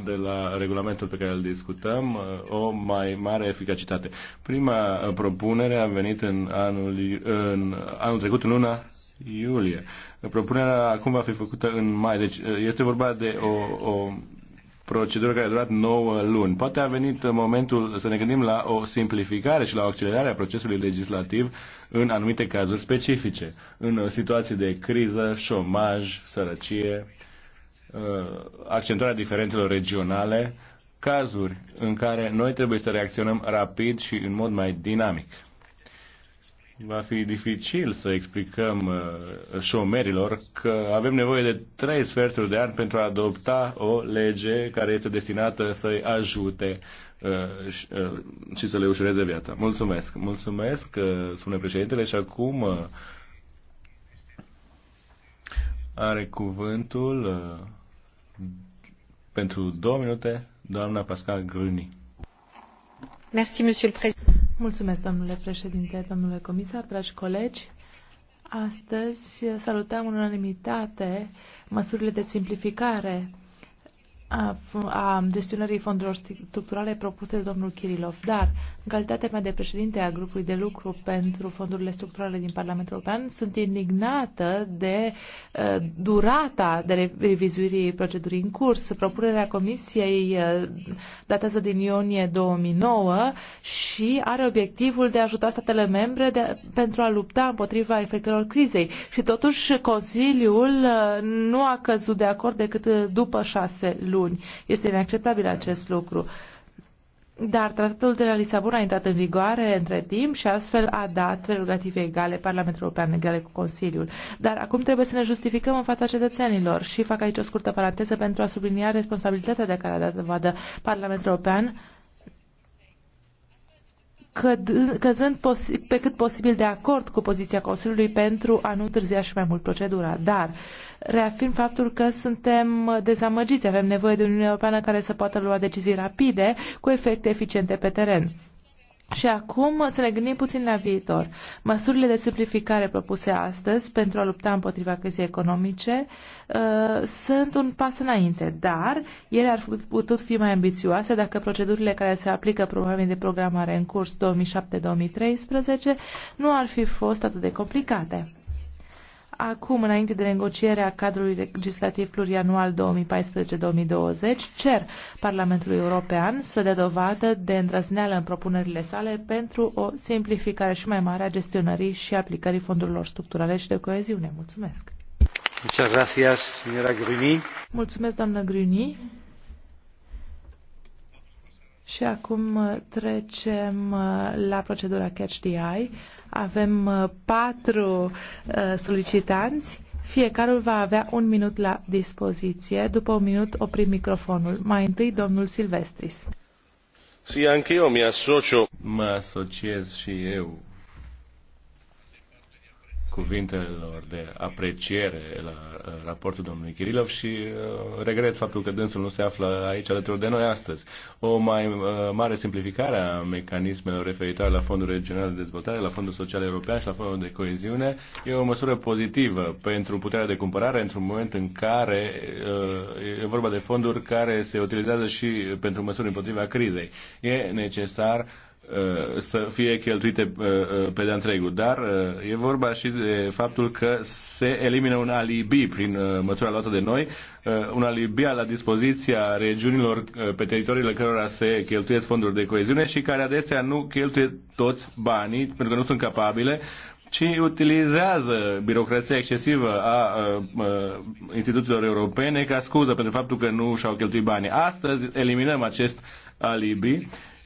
Speaker 1: de la regulamentul pe care îl discutăm o mai mare eficacitate. Prima propunere a venit în anul, în anul trecut, în luna iulie. Propunerea acum va fi făcută în mai. Deci este vorba de o, o procedură care a durat 9 luni. Poate a venit momentul să ne gândim la o simplificare și la o accelerare a procesului legislativ în anumite cazuri specifice, în situații de criză, șomaj, sărăcie, uh, accentuarea diferențelor regionale, cazuri în care noi trebuie să reacționăm rapid și în mod mai dinamic va fi dificil să explicăm uh, șomerilor că avem nevoie de trei sferturi de ani pentru a adopta o lege care este destinată să-i ajute uh, uh, și să le ușureze viața. Mulțumesc! Mulțumesc, spune președintele, și acum are cuvântul pentru două minute doamna Pascal Gruni.
Speaker 2: Merci, monsieur le président. Mulțumesc, domnule președinte, domnule comisar, dragi colegi. Astăzi salutăm în unanimitate măsurile de simplificare a, a gestionării fondurilor structurale propuse de domnul Kirilov, dar în calitatea mea de președinte a grupului de lucru pentru fondurile structurale din Parlamentul European, sunt indignată de uh, durata de revizuirii procedurii în curs. Propunerea Comisiei uh, datează din iunie 2009 și are obiectivul de a ajuta statele membre de, pentru a lupta împotriva efectelor crizei. Și totuși Consiliul uh, nu a căzut de acord decât după șase luni luni. Este inacceptabil acest lucru. Dar tratatul de la Lisabona a intrat în vigoare între timp și astfel a dat prerogative egale Parlamentul European egale cu Consiliul. Dar acum trebuie să ne justificăm în fața cetățenilor și fac aici o scurtă paranteză pentru a sublinia responsabilitatea de care a dat dovadă Parlamentul European căd, căzând pe cât posibil de acord cu poziția Consiliului pentru a nu întârzia și mai mult procedura. Dar reafirm faptul că suntem dezamăgiți, avem nevoie de Uniunea Europeană care să poată lua decizii rapide cu efecte eficiente pe teren. Și acum să ne gândim puțin la viitor. Măsurile de simplificare propuse astăzi pentru a lupta împotriva crizei economice uh, sunt un pas înainte, dar ele ar fi putut fi mai ambițioase dacă procedurile care se aplică programului de programare în curs 2007-2013 nu ar fi fost atât de complicate. Acum, înainte de negocierea cadrului legislativ plurianual 2014-2020, cer Parlamentului European să dea dovadă de îndrăzneală în propunerile sale pentru o simplificare și mai mare a gestionării și aplicării fondurilor structurale și de coeziune. Mulțumesc!
Speaker 4: Muchas gracias, señora Gruny.
Speaker 2: Mulțumesc, doamnă Gruny. Și acum trecem uh, la procedura Catch the Eye. Avem uh, patru uh, solicitanți. Fiecare va avea un minut la dispoziție. După un minut oprim microfonul. Mai întâi, domnul Silvestris.
Speaker 1: Sì, anche io mi associo. Mă asociez și eu cuvintelor de apreciere la uh, raportul domnului Kirilov și uh, regret faptul că dânsul nu se află aici alături de noi astăzi. O mai uh, mare simplificare a mecanismelor referitoare la Fondul Regional de Dezvoltare, la Fondul Social European și la Fondul de Coeziune e o măsură pozitivă pentru puterea de cumpărare într-un moment în care e vorba de fonduri care se utilizează și pentru măsuri împotriva crizei. E necesar uh, Uh, să fie cheltuite uh, uh, pe de întregul. Dar e vorba și de faptul că se elimină un alibi prin măsura luată de noi, un alibi la dispoziția regiunilor pe teritoriile cărora se cheltuiesc fonduri de coeziune și care adesea nu cheltuie toți banii pentru că nu sunt capabile ci utilizează birocrația excesivă a, a, a instituțiilor europene ca scuză pentru faptul că nu și-au cheltuit banii. Astăzi eliminăm acest alibi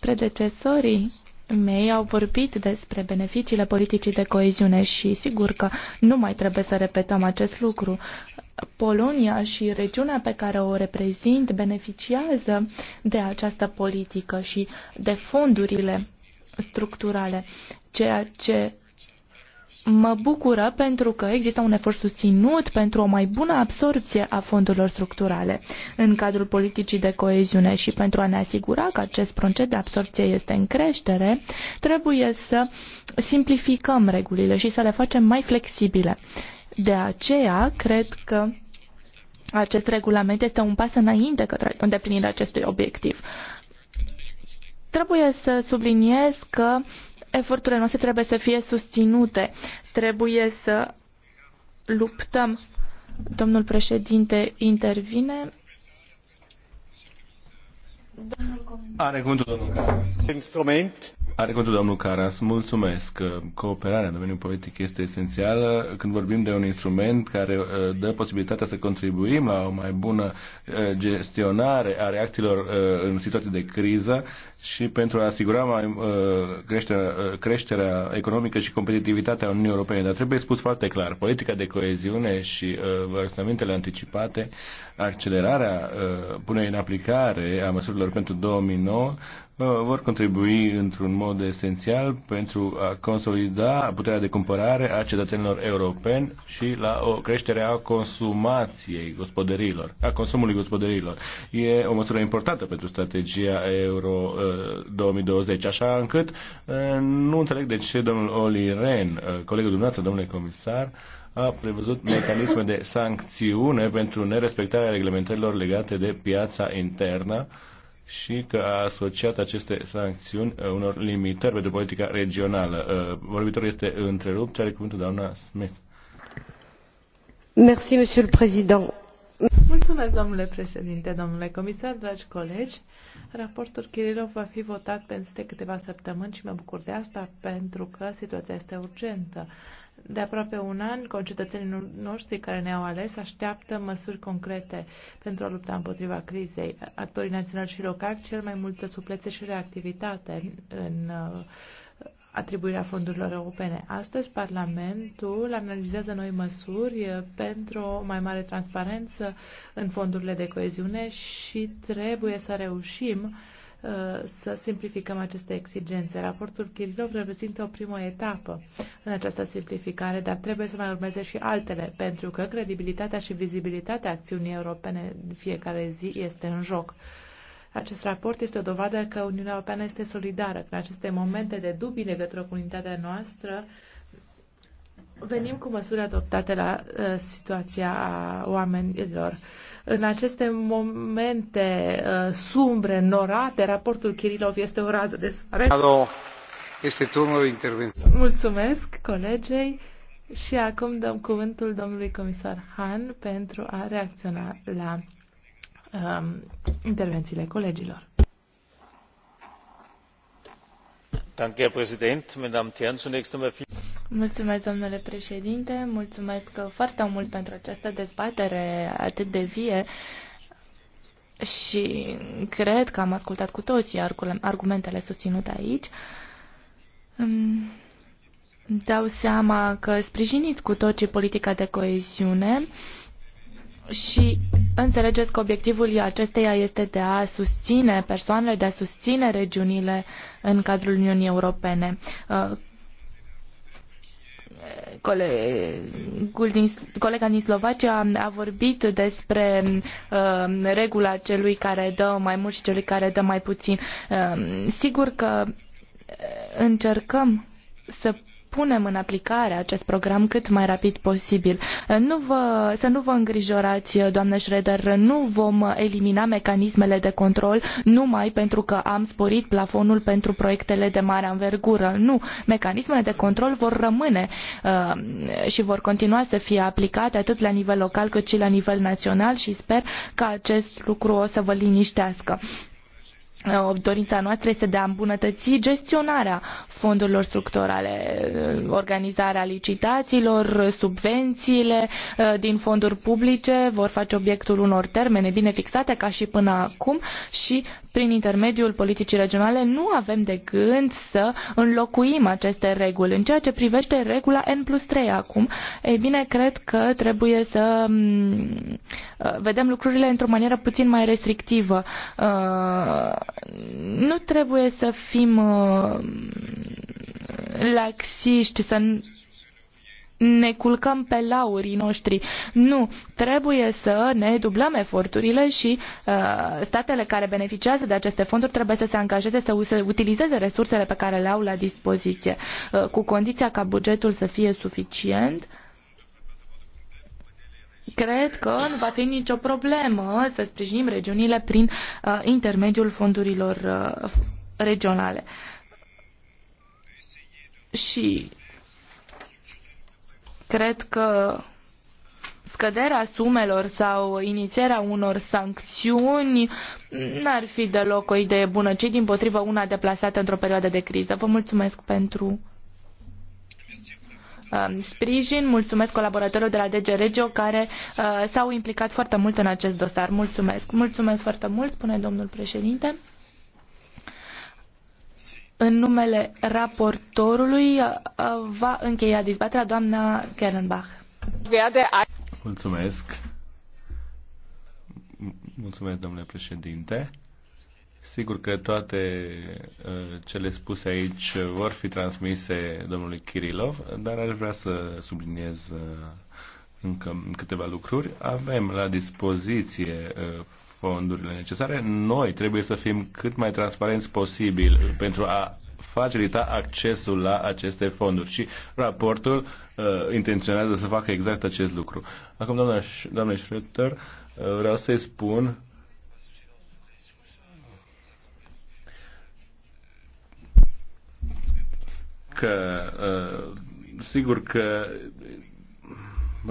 Speaker 3: Predecesorii mei au vorbit despre beneficiile politicii de coeziune și sigur că nu mai trebuie să repetăm acest lucru. Polonia și regiunea pe care o reprezint beneficiază de această politică și de fondurile structurale, ceea ce mă bucură pentru că există un efort susținut pentru o mai bună absorbție a fondurilor structurale în cadrul politicii de coeziune și pentru a ne asigura că acest proces de absorbție este în creștere, trebuie să simplificăm regulile și să le facem mai flexibile. De aceea, cred că acest regulament este un pas înainte către îndeplinirea acestui obiectiv. Trebuie să subliniez că eforturile noastre trebuie să fie susținute. Trebuie să luptăm. Domnul președinte intervine.
Speaker 1: Domnul Are cuvântul domnul Instrument are cuvântul domnul Caras. Mulțumesc. Cooperarea în domeniul politic este esențială când vorbim de un instrument care uh, dă posibilitatea să contribuim la o mai bună uh, gestionare a reacțiilor uh, în situații de criză și pentru a asigura mai, creșterea, creșterea economică și competitivitatea Uniunii Europene. Dar trebuie spus foarte clar, politica de coeziune și vărsămintele anticipate, accelerarea punerii în aplicare a măsurilor pentru 2009 vor contribui într-un mod esențial pentru a consolida puterea de cumpărare a cetățenilor europeni și la o creștere a consumației gospodăriilor, a consumului gospodăriilor. E o măsură importantă pentru strategia Euro 2020, uh, așa încât uh, nu înțeleg de ce domnul Oli Ren, uh, colegul dumneavoastră, domnule comisar, a prevăzut mecanisme de sancțiune pentru nerespectarea reglementărilor legate de piața internă și că a asociat aceste sancțiuni uh, unor limitări pentru politica regională. Uh, vorbitorul este întrerupt, are cuvântul doamna Smith.
Speaker 4: Merci, monsieur le président.
Speaker 2: Mulțumesc, domnule președinte, domnule comisar, dragi colegi. Raportul Kirilov va fi votat peste câteva săptămâni și mă bucur de asta pentru că situația este urgentă. De aproape un an, concetățenii noștri care ne-au ales așteaptă măsuri concrete pentru a lupta împotriva crizei. Actorii naționali și locali cer mai multă suplețe și reactivitate în uh, atribuirea fondurilor europene. Astăzi, Parlamentul analizează noi măsuri uh, pentru o mai mare transparență în fondurile de coeziune și trebuie să reușim uh, Uh, să simplificăm aceste exigențe. Raportul Kirilov reprezintă o primă etapă în această simplificare, dar trebuie să mai urmeze și altele, pentru că credibilitatea și vizibilitatea acțiunii europene în fiecare zi este în joc. Acest raport este o dovadă că Uniunea Europeană este solidară, în aceste momente de dubii legătură cu unitatea noastră, venim cu măsuri adoptate la uh, situația oamenilor. Uh, în aceste momente uh, sumbre, norate, raportul Kirilov este o rază de soare.
Speaker 4: Este turnul intervenției.
Speaker 2: Mulțumesc colegei și acum dăm cuvântul domnului comisar Han pentru a reacționa la um, intervențiile colegilor.
Speaker 5: Danke, Herr Präsident. Meine Damen und Herren, zunächst einmal vielen
Speaker 3: Mulțumesc, domnule președinte, mulțumesc foarte mult pentru această dezbatere atât de vie și cred că am ascultat cu toții argumentele susținute aici. dau seama că sprijiniți cu toții politica de coeziune și înțelegeți că obiectivul acesteia este de a susține persoanele, de a susține regiunile în cadrul Uniunii Europene. Uh, colegul din, colega din Slovacia a vorbit despre uh, regula celui care dă mai mult și celui care dă mai puțin. Uh, sigur că uh, încercăm să punem în aplicare acest program cât mai rapid posibil. Nu vă, să nu vă îngrijorați, doamnă Schroeder, nu vom elimina mecanismele de control numai pentru că am sporit plafonul pentru proiectele de mare anvergură. Nu, mecanismele de control vor rămâne uh, și vor continua să fie aplicate atât la nivel local cât și la nivel național și sper că acest lucru o să vă liniștească. Uh, dorința noastră este de a îmbunătăți gestionarea fondurilor structurale, uh, organizarea licitațiilor, subvențiile uh, din fonduri publice vor face obiectul unor termene bine fixate ca și până acum și prin intermediul politicii regionale nu avem de gând să înlocuim aceste reguli. În ceea ce privește regula N plus 3 acum, e bine, cred că trebuie să mm, vedem lucrurile într-o manieră puțin mai restrictivă nu trebuie să fim uh, laxiști, să ne culcăm pe laurii noștri. Nu, trebuie să ne dublăm eforturile și uh, statele care beneficiază de aceste fonduri trebuie să se angajeze să utilizeze resursele pe care le au la dispoziție, uh, cu condiția ca bugetul să fie suficient Cred că nu va fi nicio problemă să sprijinim regiunile prin uh, intermediul fondurilor uh, regionale. Și cred că scăderea sumelor sau inițierea unor sancțiuni n-ar fi deloc o idee bună, ci din potrivă una deplasată într-o perioadă de criză. Vă mulțumesc pentru Um, sprijin. Mulțumesc colaboratorilor de la DG Regio care uh, s-au implicat foarte mult în acest dosar. Mulțumesc. Mulțumesc foarte mult, spune domnul președinte. În numele raportorului uh, va încheia dezbaterea doamna Kellenbach.
Speaker 1: Mulțumesc. Mulțumesc, domnule președinte. Sigur că toate ă, cele spuse aici vor fi transmise domnului Kirilov, dar aș vrea să subliniez ă, încă câteva lucruri. Avem la dispoziție ă, fondurile necesare. Noi trebuie să fim cât mai transparenți posibil pentru a facilita accesul la aceste fonduri și raportul uh, intenționează să facă exact acest lucru. Acum, doamna, doamne Schröter, uh, vreau să-i spun că uh, sigur că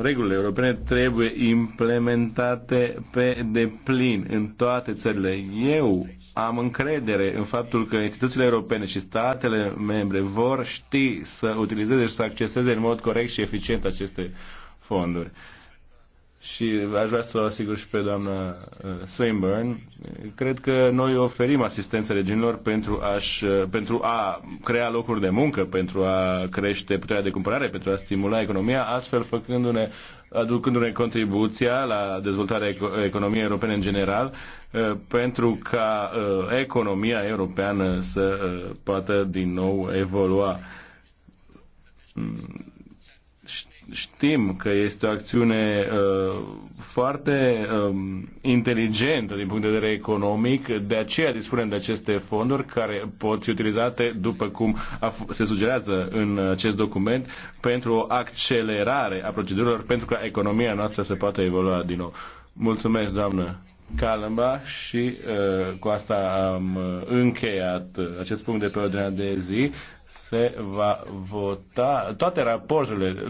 Speaker 1: regulile europene trebuie implementate pe deplin în toate țările. Eu am încredere în faptul că instituțiile europene și statele membre vor ști să utilizeze și să acceseze în mod corect și eficient aceste fonduri și aș vrea să o asigur și pe doamna uh, Swinburne, cred că noi oferim asistență regiunilor pentru, aș, uh, pentru a crea locuri de muncă, pentru a crește puterea de cumpărare, pentru a stimula economia, astfel făcându-ne aducându-ne contribuția la dezvoltarea economiei europene în general, uh, pentru ca economia europeană să poată din nou evolua știm că este o acțiune uh, foarte um, inteligentă din punct de vedere economic, de aceea dispunem de aceste fonduri care pot fi utilizate, după cum se sugerează în acest document, pentru o accelerare a procedurilor pentru ca economia noastră să poată evolua din nou. Mulțumesc, doamnă Calamba și uh, cu asta am uh, încheiat uh, acest punct de pe ordinea de zi. Se va vota toate raporturile